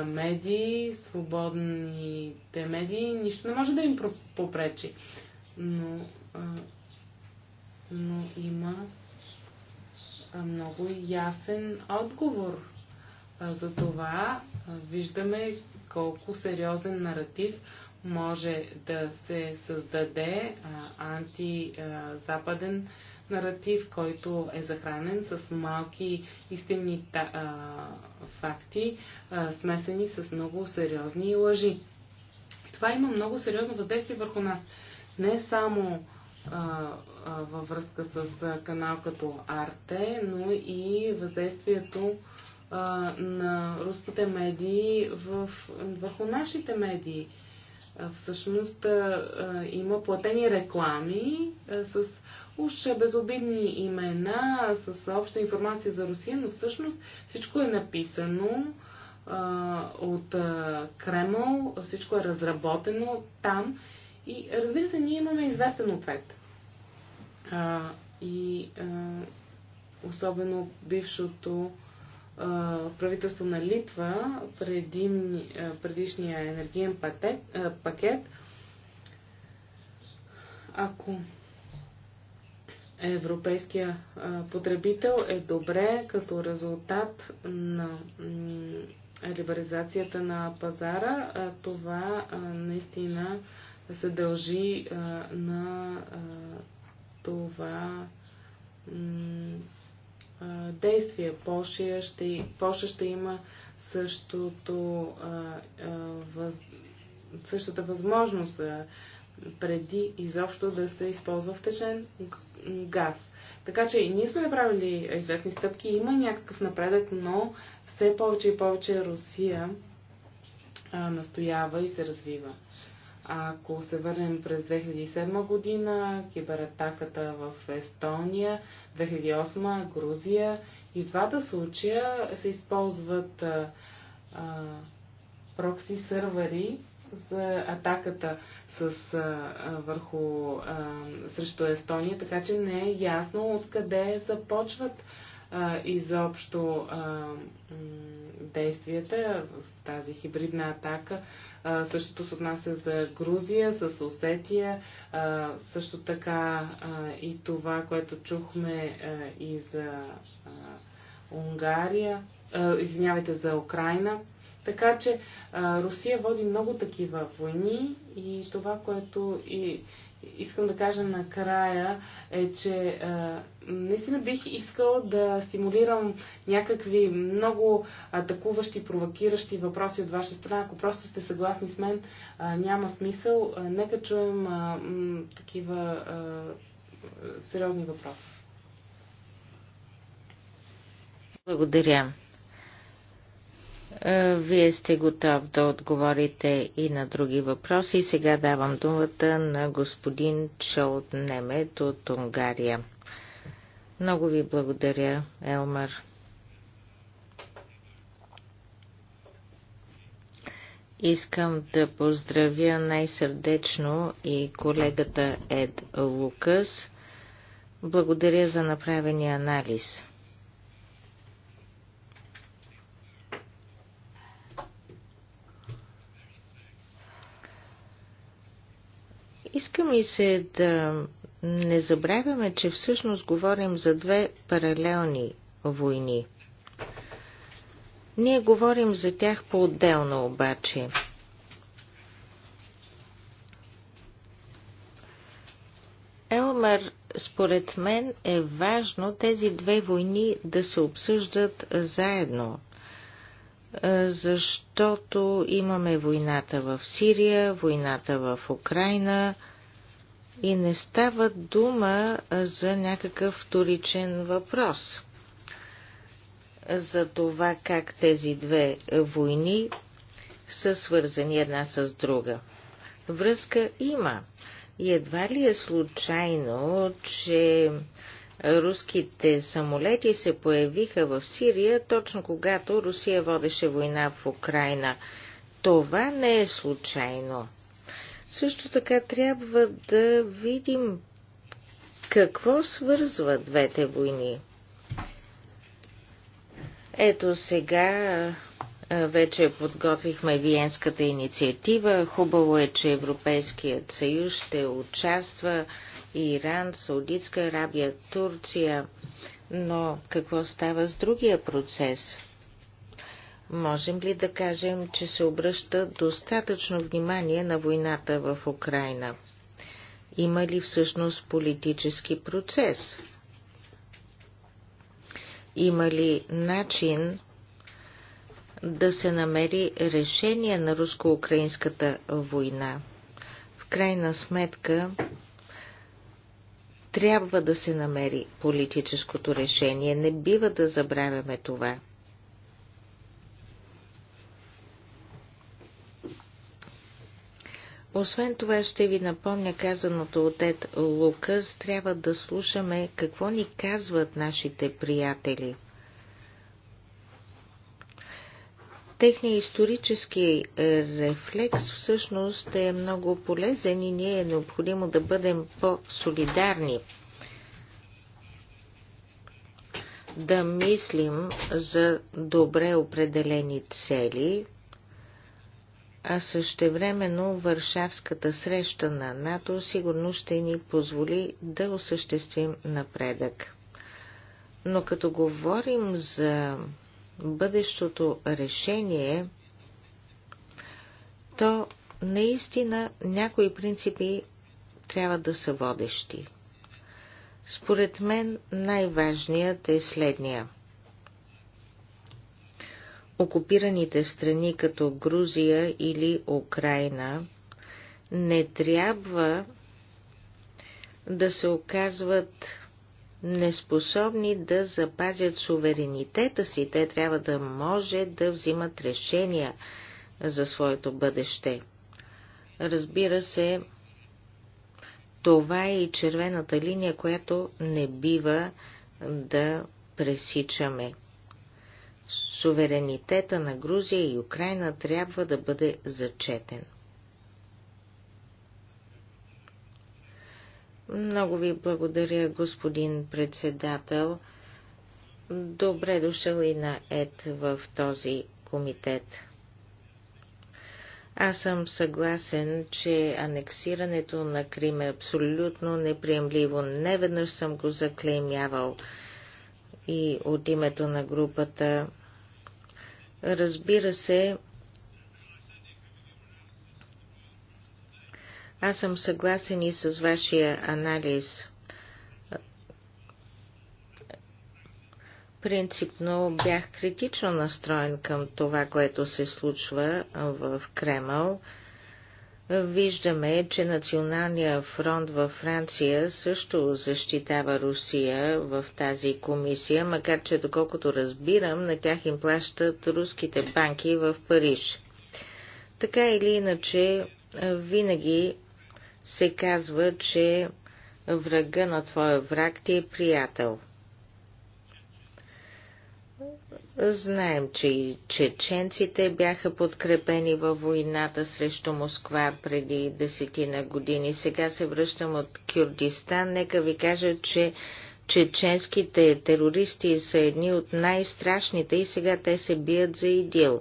медии, свободните медии, нищо не може да им попречи. Но, но има много ясен отговор за това. Виждаме колко сериозен наратив може да се създаде антизападен наратив, който е захранен с малки истинни факти, смесени с много сериозни лъжи. Това има много сериозно въздействие върху нас. Не само във връзка с канал като Арте, но и въздействието на руските медии в, върху нашите медии всъщност има платени реклами с уж безобидни имена, с обща информация за Русия, но всъщност всичко е написано от Кремъл, всичко е разработено там. И разбира се, ние имаме известен ответ. и особено бившото правителство на Литва преди, предишния енергиен пакет, ако европейския потребител е добре като резултат на либерализацията на пазара, това наистина се дължи на това действия. Полша ще, Польша ще има същото, въз, същата възможност преди изобщо да се използва втечен газ. Така че и ние сме направили известни стъпки, има някакъв напредък, но все повече и повече Русия а, настоява и се развива. Ако се върнем през 2007 година, кибератаката в Естония, 2008 Грузия и двата случая се използват а, а, прокси сървъри за атаката с, а, върху, а, срещу Естония, така че не е ясно откъде започват а, изобщо а, действията в тази хибридна атака. А, същото се отнася за Грузия, с Осетия, а, също така а, и това, което чухме а, и за а, Унгария, а, извинявайте, за Украина. Така че а, Русия води много такива войни и това, което и искам да кажа накрая е, че а, наистина бих искал да стимулирам някакви много атакуващи, провокиращи въпроси от ваша страна. Ако просто сте съгласни с мен, а, няма смисъл. А, нека чуем а, м, такива а, сериозни въпроси. Благодаря. Е, вие сте готов да отговорите и на други въпроси. Сега давам думата на господин Чолт Немет от Унгария. Много ви благодаря, Елмар. Искам да поздравя най-сърдечно и колегата Ед Лукас. Благодаря за направения анализ. Иска ми се да не забравяме, че всъщност говорим за две паралелни войни. Ние говорим за тях по-отделно обаче. Елмер, според мен е важно тези две войни да се обсъждат заедно. Е, защото имаме войната в Сирия, войната в Украина и не става дума за някакъв вторичен въпрос за това как тези две войни са свързани една с друга. Връзка има. И едва ли е случайно, че руските самолети се появиха в Сирия, точно когато Русия водеше война в Украина. Това не е случайно. Също така трябва да видим какво свързва двете войни. Ето сега вече подготвихме Виенската инициатива. Хубаво е, че Европейският съюз ще участва. Иран, Саудитска Арабия, Турция. Но какво става с другия процес? Можем ли да кажем, че се обръща достатъчно внимание на войната в Украина? Има ли всъщност политически процес? Има ли начин да се намери решение на руско-украинската война? В крайна сметка трябва да се намери политическото решение. Не бива да забравяме това. Освен това ще ви напомня казаното от Ед Лукас, трябва да слушаме какво ни казват нашите приятели. Техният исторически е, рефлекс всъщност е много полезен и ние е необходимо да бъдем по-солидарни. Да мислим за добре определени цели, а същевременно Варшавската среща на НАТО сигурно ще ни позволи да осъществим напредък. Но като говорим за бъдещото решение, то наистина някои принципи трябва да са водещи. Според мен най-важният е следния. Окупираните страни като Грузия или Украина не трябва да се оказват неспособни да запазят суверенитета си. Те трябва да може да взимат решения за своето бъдеще. Разбира се, това е и червената линия, която не бива да пресичаме. Суверенитета на Грузия и Украина трябва да бъде зачетен. Много ви благодаря, господин председател. Добре дошъл и на Ед в този комитет. Аз съм съгласен, че анексирането на Крим е абсолютно неприемливо. Неведнъж съм го заклеймявал и от името на групата. Разбира се, Аз съм съгласен и с вашия анализ. Принципно бях критично настроен към това, което се случва в Кремъл. Виждаме, че Националния фронт във Франция също защитава Русия в тази комисия, макар че, доколкото разбирам, на тях им плащат руските банки в Париж. Така или иначе, винаги се казва, че врага на твоя враг ти е приятел. Знаем, че и чеченците бяха подкрепени във войната срещу Москва преди десетина години. Сега се връщам от Кюрдистан. Нека ви кажа, че чеченските терористи са едни от най-страшните и сега те се бият за идил.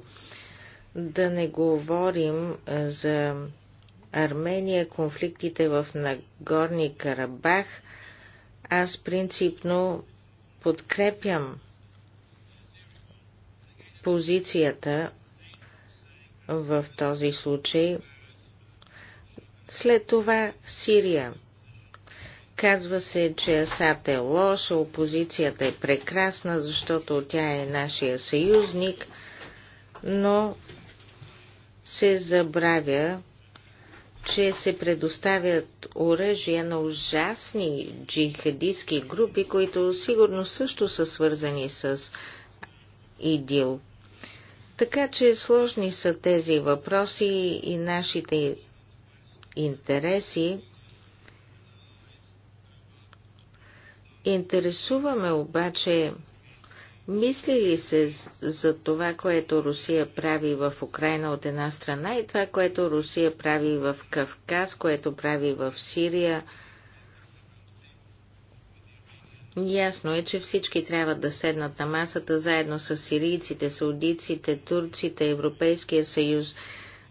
Да не говорим за Армения, конфликтите в Нагорни Карабах. Аз принципно подкрепям позицията в този случай. След това Сирия. Казва се, че Асад е лоша, опозицията е прекрасна, защото тя е нашия съюзник, но се забравя, че се предоставят оръжия на ужасни джихадистски групи, които сигурно също са свързани с ИДИЛ. Така че сложни са тези въпроси и нашите интереси. Интересуваме обаче Мисли ли се за това, което Русия прави в Украина от една страна и това, което Русия прави в Кавказ, което прави в Сирия? Ясно е, че всички трябва да седнат на масата заедно с сирийците, саудиците, турците, Европейския съюз,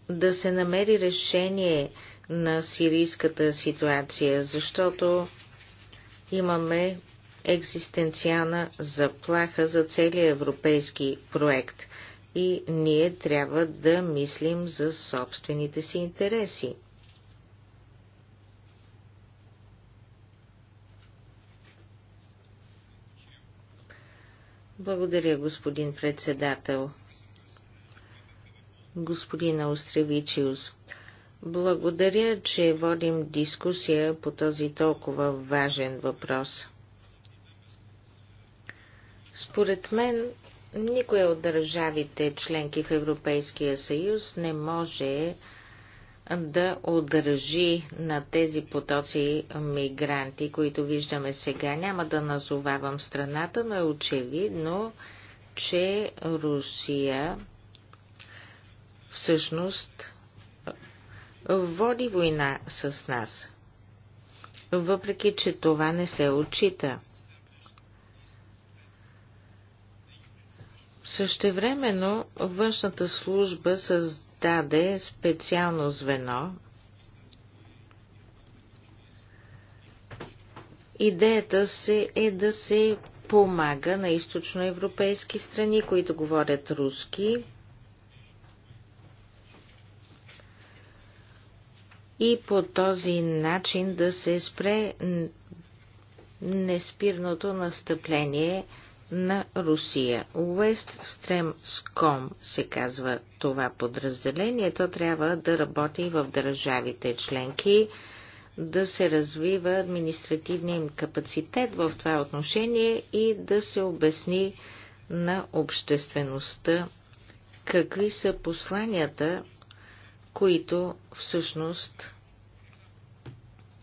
да се намери решение на сирийската ситуация, защото имаме екзистенциална заплаха за целия европейски проект и ние трябва да мислим за собствените си интереси. Благодаря, господин председател. Господин Аустревичиус, благодаря, че водим дискусия по този толкова важен въпрос. Според мен, никоя от държавите членки в Европейския съюз не може да удържи на тези потоци мигранти, които виждаме сега. Няма да назовавам страната, но е очевидно, че Русия всъщност води война с нас. Въпреки, че това не се отчита – Същевременно външната служба създаде специално звено. Идеята се е да се помага на източноевропейски страни, които говорят руски, и по този начин да се спре неспирното настъпление на Русия. Weststream.com се казва това подразделение. То трябва да работи в държавите членки, да се развива административния им капацитет в това отношение и да се обясни на обществеността какви са посланията, които всъщност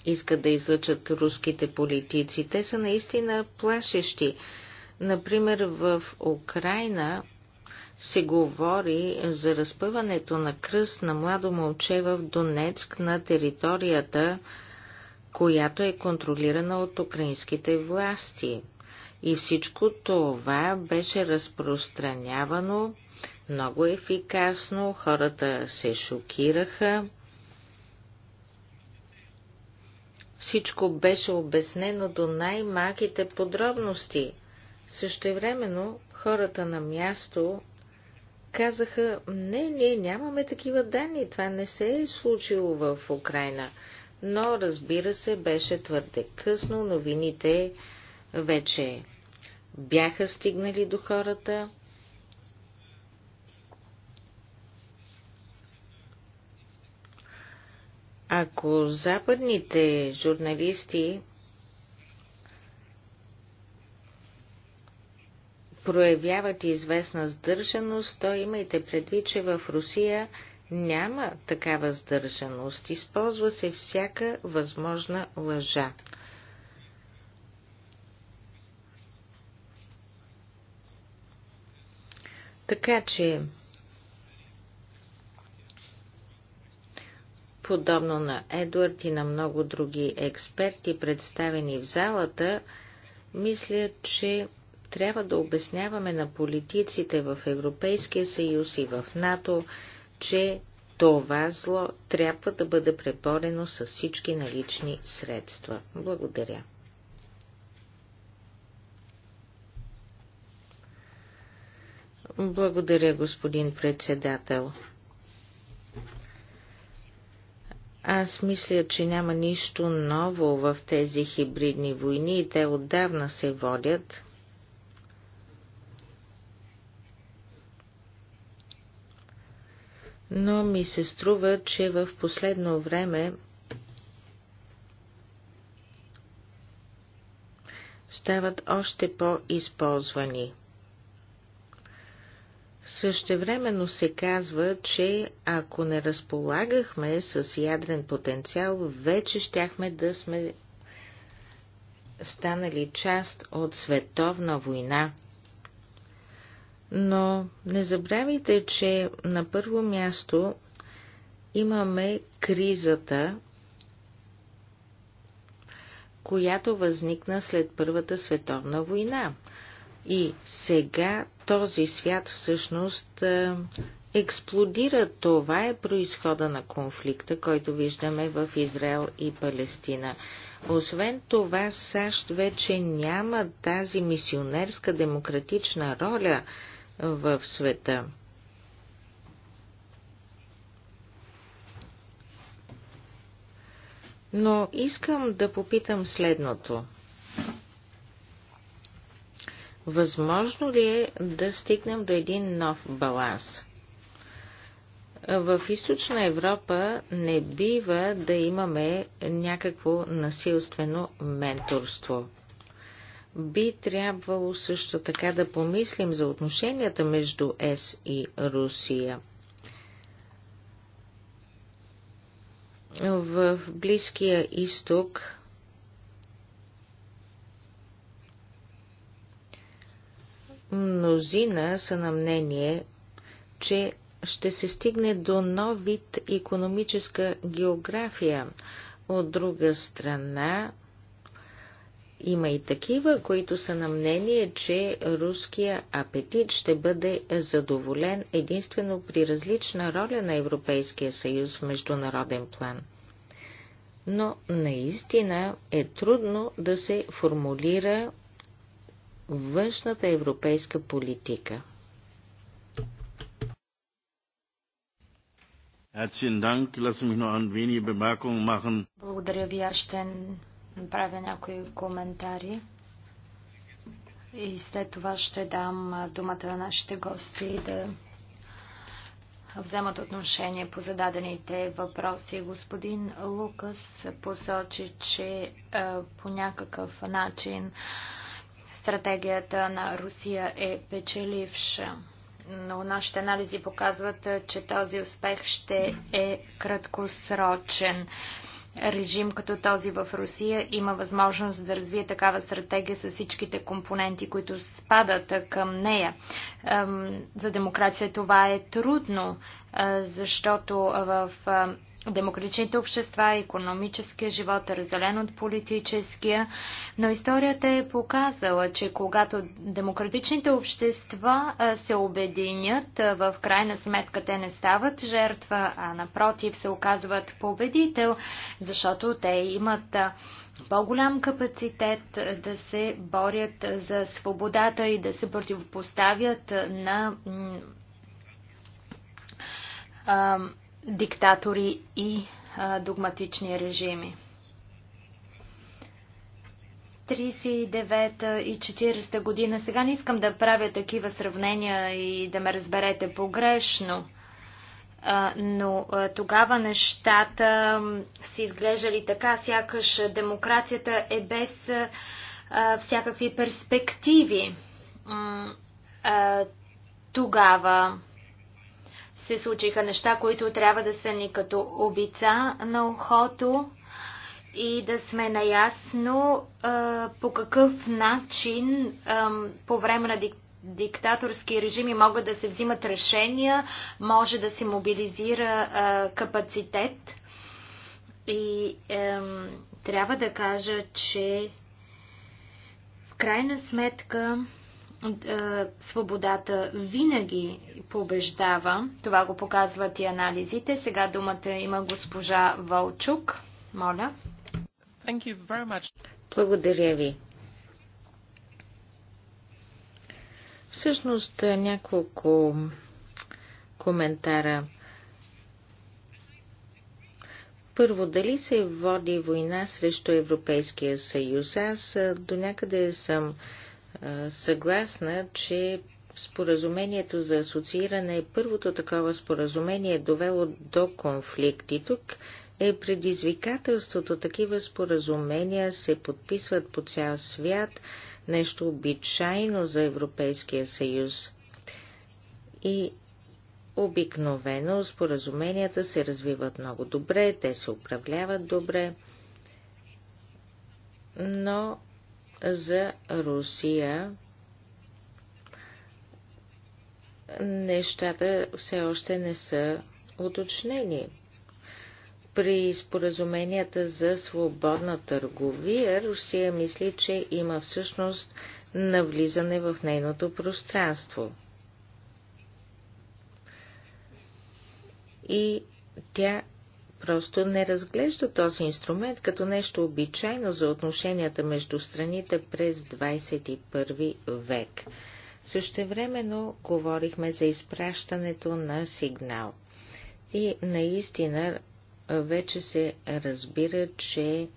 искат да излъчат руските политици. Те са наистина плашещи. Например, в Украина се говори за разпъването на кръст на младо момче в Донецк на територията, която е контролирана от украинските власти. И всичко това беше разпространявано много ефикасно, хората се шокираха. Всичко беше обяснено до най-малките подробности. Същевременно хората на място казаха, не, ние нямаме такива данни, това не се е случило в Украина. Но, разбира се, беше твърде късно, новините вече бяха стигнали до хората. Ако западните журналисти проявяват известна сдържаност, то имайте предвид, че в Русия няма такава сдържаност. Използва се всяка възможна лъжа. Така че, подобно на Едуард и на много други експерти, представени в залата, мисля, че трябва да обясняваме на политиците в Европейския съюз и в НАТО, че това зло трябва да бъде преборено с всички налични средства. Благодаря. Благодаря, господин председател. Аз мисля, че няма нищо ново в тези хибридни войни и те отдавна се водят. но ми се струва, че в последно време стават още по-използвани. Същевременно се казва, че ако не разполагахме с ядрен потенциал, вече щяхме да сме станали част от световна война. Но не забравяйте, че на първо място имаме кризата, която възникна след Първата световна война. И сега този свят всъщност експлодира. Това е происхода на конфликта, който виждаме в Израел и Палестина. Освен това, САЩ вече няма тази мисионерска демократична роля, в света. Но искам да попитам следното. Възможно ли е да стигнем до един нов баланс? В източна Европа не бива да имаме някакво насилствено менторство – би трябвало също така да помислим за отношенията между ЕС и Русия. В Близкия изток мнозина са на мнение, че ще се стигне до нов вид економическа география. От друга страна, има и такива, които са на мнение, че руския апетит ще бъде задоволен единствено при различна роля на Европейския съюз в международен план. Но наистина е трудно да се формулира външната европейска политика. Благодаря ви, аз направя някои коментари и след това ще дам думата на нашите гости да вземат отношение по зададените въпроси. Господин Лукас посочи, че по някакъв начин стратегията на Русия е печеливша. Но нашите анализи показват, че този успех ще е краткосрочен режим като този в Русия има възможност да развие такава стратегия с всичките компоненти, които спадат към нея. За демокрация това е трудно, защото в демократичните общества, економическия живот е разделен от политическия, но историята е показала, че когато демократичните общества се обединят, в крайна сметка те не стават жертва, а напротив се оказват победител, защото те имат по-голям капацитет да се борят за свободата и да се противопоставят на диктатори и а, догматични режими. 39 и 40 година. Сега не искам да правя такива сравнения и да ме разберете погрешно, а, но а, тогава нещата са изглеждали така, сякаш демокрацията е без а, всякакви перспективи. тогава се случиха неща, които трябва да са ни като обица на ухото и да сме наясно по какъв начин по време на диктатурата диктаторски режими могат да се взимат решения, може да се мобилизира капацитет. И трябва да кажа, че в крайна сметка е, свободата винаги побеждава. Това го показват и анализите. Сега думата има госпожа Вълчук. Моля. Thank you very much. Благодаря ви. Всъщност е, няколко коментара. Първо, дали се води война срещу Европейския съюз? Аз е, до някъде съм съгласна, че споразумението за асоцииране е първото такова споразумение довело до конфликти тук е предизвикателството. Такива споразумения се подписват по цял свят, нещо обичайно за Европейския съюз. И обикновено споразуменията се развиват много добре, те се управляват добре, но за Русия нещата все още не са уточнени. При споразуменията за свободна търговия Русия мисли, че има всъщност навлизане в нейното пространство. И тя просто не разглежда този инструмент като нещо обичайно за отношенията между страните през 21 век. Същевременно говорихме за изпращането на сигнал. И наистина вече се разбира, че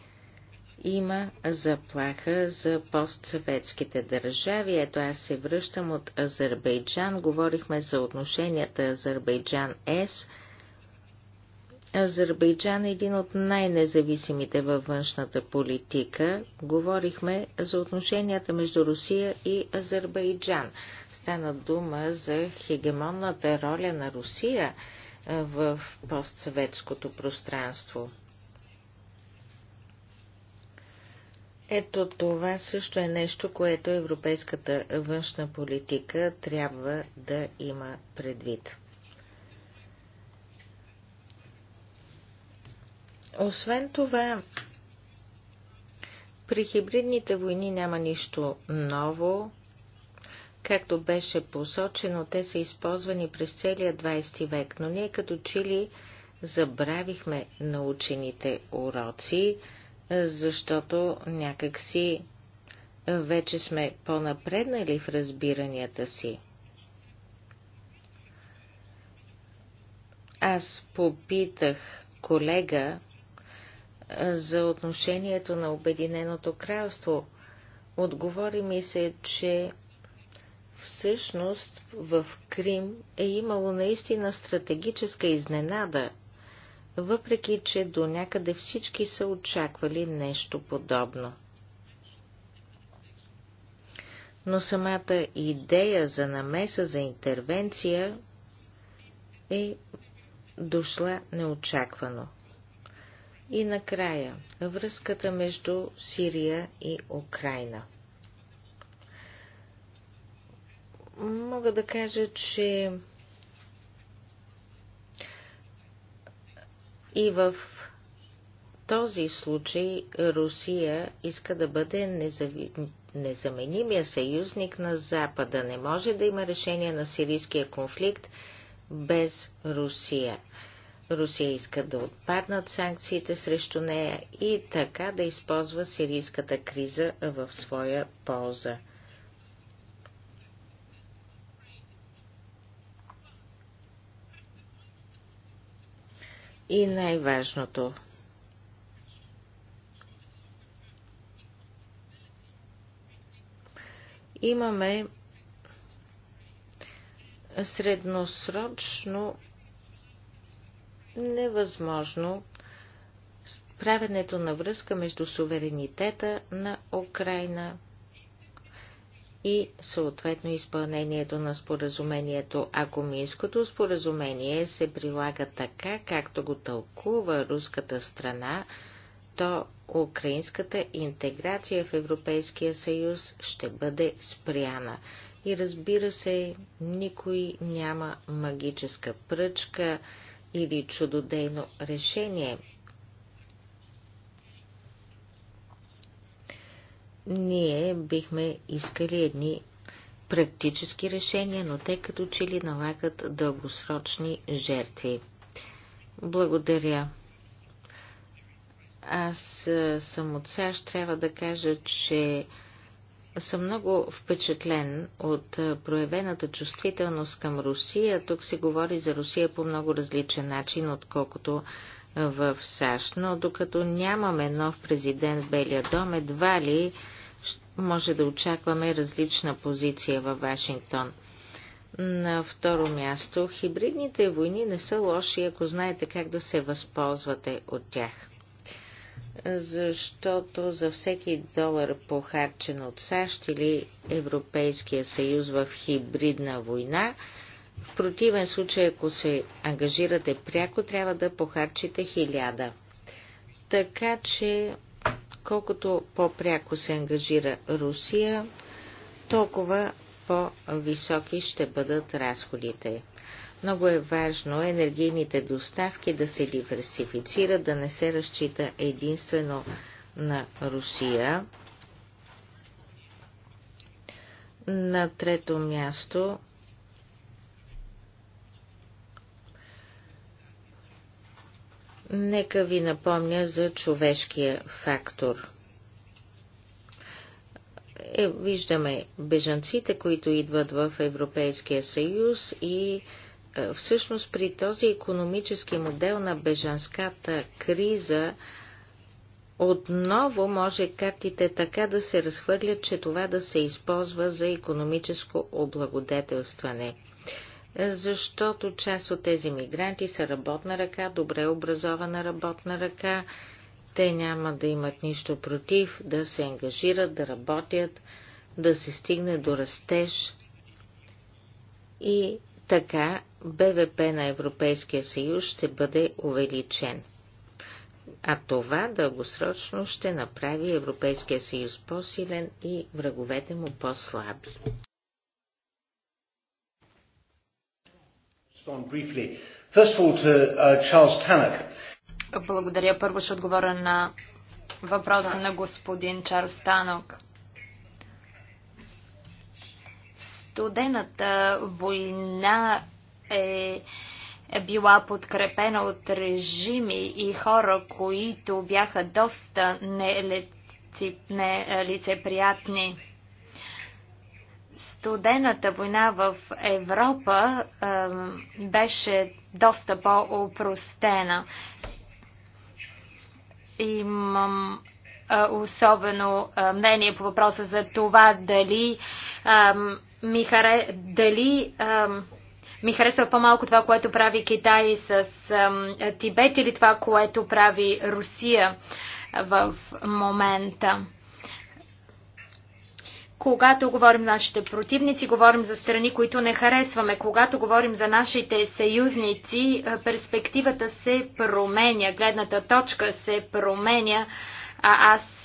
има заплаха за постсъветските държави. Ето аз се връщам от Азербайджан. Говорихме за отношенията азербайджан ЕС. Азербайджан е един от най-независимите във външната политика. Говорихме за отношенията между Русия и Азербайджан. Стана дума за хегемонната роля на Русия в постсъветското пространство. Ето това също е нещо, което европейската външна политика трябва да има предвид. Освен това, при хибридните войни няма нищо ново. Както беше посочено, те са използвани през целия 20 век, но ние като чили забравихме научените уроци, защото някакси вече сме по-напреднали в разбиранията си. Аз попитах колега за отношението на Обединеното кралство. Отговори ми се, че всъщност в Крим е имало наистина стратегическа изненада, въпреки че до някъде всички са очаквали нещо подобно. Но самата идея за намеса, за интервенция е дошла неочаквано. И накрая, връзката между Сирия и Украина. Мога да кажа, че и в този случай Русия иска да бъде незаменимия съюзник на Запада. Не може да има решение на сирийския конфликт без Русия. Русия иска да отпаднат санкциите срещу нея и така да използва сирийската криза в своя полза. И най-важното. Имаме средносрочно невъзможно правенето на връзка между суверенитета на Украина и съответно изпълнението на споразумението. Ако Минското споразумение се прилага така, както го тълкува руската страна, то украинската интеграция в Европейския съюз ще бъде спряна. И разбира се, никой няма магическа пръчка, или чудодейно решение. Ние бихме искали едни практически решения, но те като че ли налагат дългосрочни жертви. Благодаря. Аз съм от САЩ, трябва да кажа, че съм много впечатлен от проявената чувствителност към Русия. Тук се говори за Русия по много различен начин, отколкото в САЩ. Но докато нямаме нов президент в Белия дом, едва ли може да очакваме различна позиция във Вашингтон. На второ място, хибридните войни не са лоши, ако знаете как да се възползвате от тях защото за всеки долар похарчен от САЩ или Европейския съюз в хибридна война, в противен случай, ако се ангажирате пряко, трябва да похарчите хиляда. Така че, колкото по-пряко се ангажира Русия, толкова по-високи ще бъдат разходите. Много е важно енергийните доставки да се диверсифицират, да не се разчита единствено на Русия. На трето място нека ви напомня за човешкия фактор. Е, виждаме бежанците, които идват в Европейския съюз и е, всъщност при този економически модел на бежанската криза отново може картите така да се разхвърлят, че това да се използва за економическо облагодетелстване. Е, защото част от тези мигранти са работна ръка, добре образована работна ръка, те няма да имат нищо против да се ангажират, да работят, да се стигне до растеж. И така БВП на Европейския съюз ще бъде увеличен. А това дългосрочно ще направи Европейския съюз по-силен и враговете му по-слаби. Uh, Благодаря. Първо ще отговоря на въпроса на господин Чарлз Танок. студената война е, е била подкрепена от режими и хора, които бяха доста нелицеприятни. Студената война в Европа е, беше доста по-опростена. Имам е, особено мнение по въпроса за това дали е, ми харе... дали ам, ми харесва по-малко това, което прави Китай с ам, Тибет или това, което прави Русия в момента. Когато говорим за нашите противници, говорим за страни, които не харесваме. Когато говорим за нашите съюзници, перспективата се променя, гледната точка се променя. А аз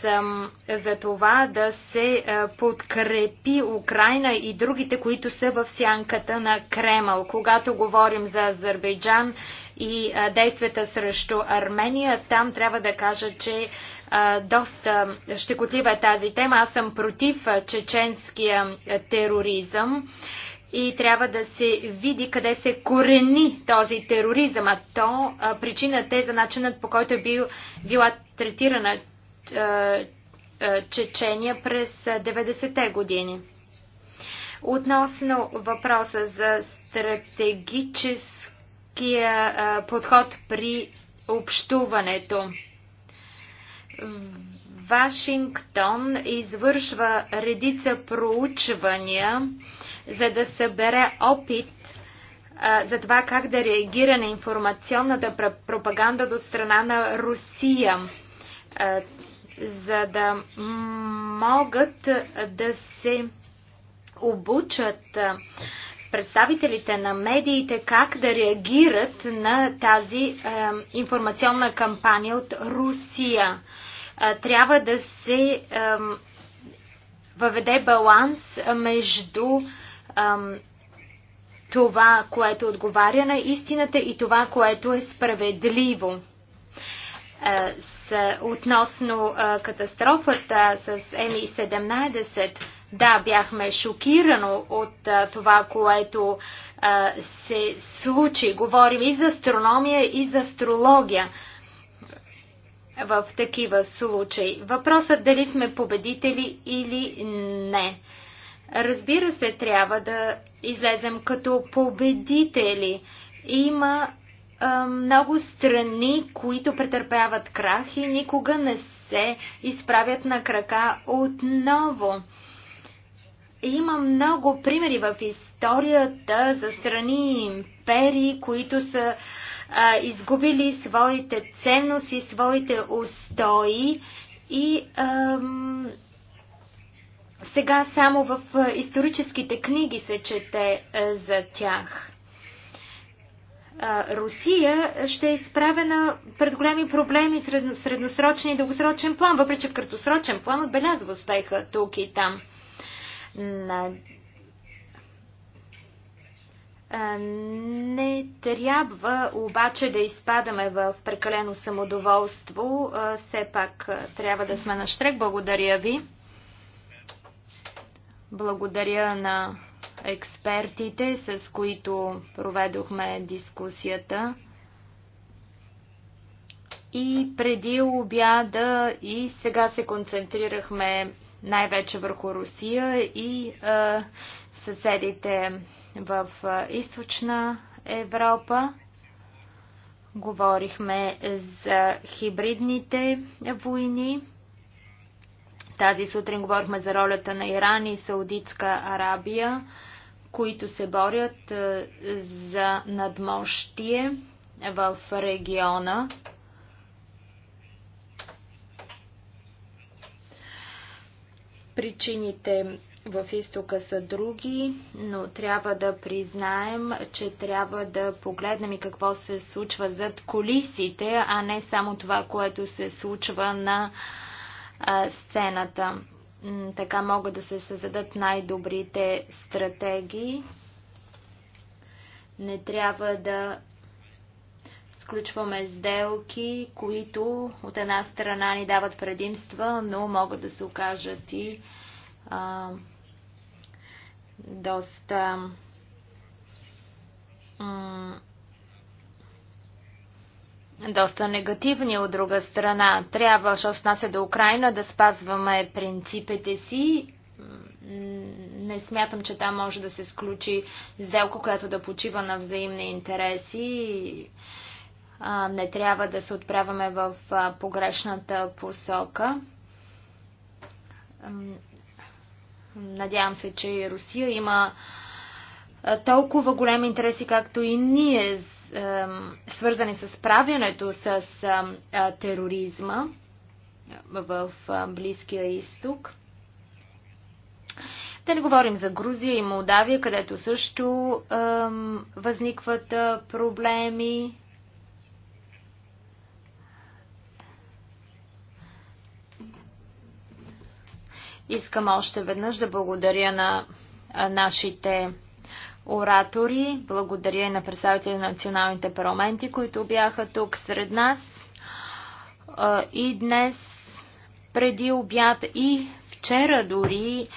съм за това да се подкрепи Украина и другите, които са в сянката на Кремъл. Когато говорим за Азербайджан и действията срещу Армения, там трябва да кажа, че доста щекотлива е тази тема. Аз съм против чеченския тероризъм и трябва да се види къде се корени този тероризъм, а то а, причината е за начинът по който е бил, била третирана Чечения през 90-те години. Относно въпроса за стратегическия подход при общуването. Вашингтон извършва редица проучвания, за да събере опит за това как да реагира на информационната пропаганда от страна на Русия за да могат да се обучат представителите на медиите как да реагират на тази информационна кампания от Русия. трябва да се въведе баланс между това, което отговаря на истината и това, което е справедливо с, относно а, катастрофата с МИ-17. Да, бяхме шокирано от а, това, което а, се случи. Говорим и за астрономия, и за астрология в такива случаи. Въпросът дали сме победители или не. Разбира се, трябва да излезем като победители. Има много страни, които претърпяват крах и никога не се изправят на крака отново. Има много примери в историята за страни и империи, които са а, изгубили своите ценности, своите устои и ам, сега само в историческите книги се чете а, за тях. Русия ще е изправена пред големи проблеми в средносрочен и дългосрочен план, въпреки че в краткосрочен план отбелязва успеха тук и там. Не трябва обаче да изпадаме в прекалено самодоволство. Все пак трябва да сме на штрек. Благодаря ви. Благодаря на експертите, с които проведохме дискусията. И преди обяда и сега се концентрирахме най-вече върху Русия и е, съседите в източна Европа. Говорихме за хибридните войни. Тази сутрин говорихме за ролята на Иран и Саудитска Арабия, които се борят е, за надмощие в региона. Причините в изтока са други, но трябва да признаем, че трябва да погледнем и какво се случва зад колисите, а не само това, което се случва на сцената. Така могат да се създадат най-добрите стратегии. Не трябва да включваме сделки, които от една страна ни дават предимства, но могат да се окажат и а, доста доста негативни от друга страна. Трябва, що се нас е до Украина, да спазваме принципите си. Не смятам, че там може да се сключи сделка, която да почива на взаимни интереси. Не трябва да се отправяме в погрешната посока. Надявам се, че и Русия има толкова големи интереси, както и ние свързани с правянето с тероризма в Близкия изток. Да не говорим за Грузия и Молдавия, където също възникват проблеми. Искам още веднъж да благодаря на нашите оратори. Благодаря и на представители на националните парламенти, които бяха тук сред нас. И днес, преди обяд и вчера дори,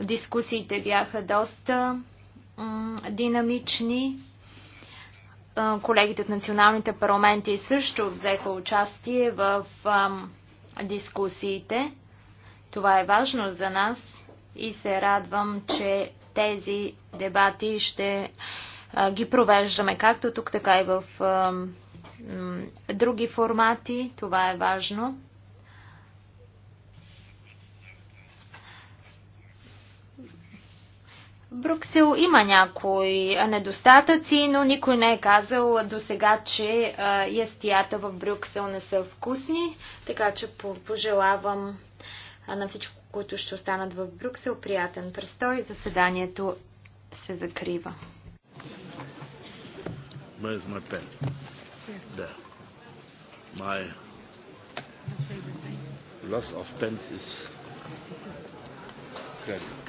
дискусиите бяха доста динамични. Колегите от националните парламенти също взеха участие в дискусиите. Това е важно за нас и се радвам, че тези дебати ще ги провеждаме както тук, така и в други формати. Това е важно. Бруксел има някои недостатъци, но никой не е казал до сега, че ястията в Брюксел не са вкусни, така че пожелавам на всичко, които ще останат в Брюксел. Приятен престой. Заседанието се закрива. Where's my pen? Here. There. is credit.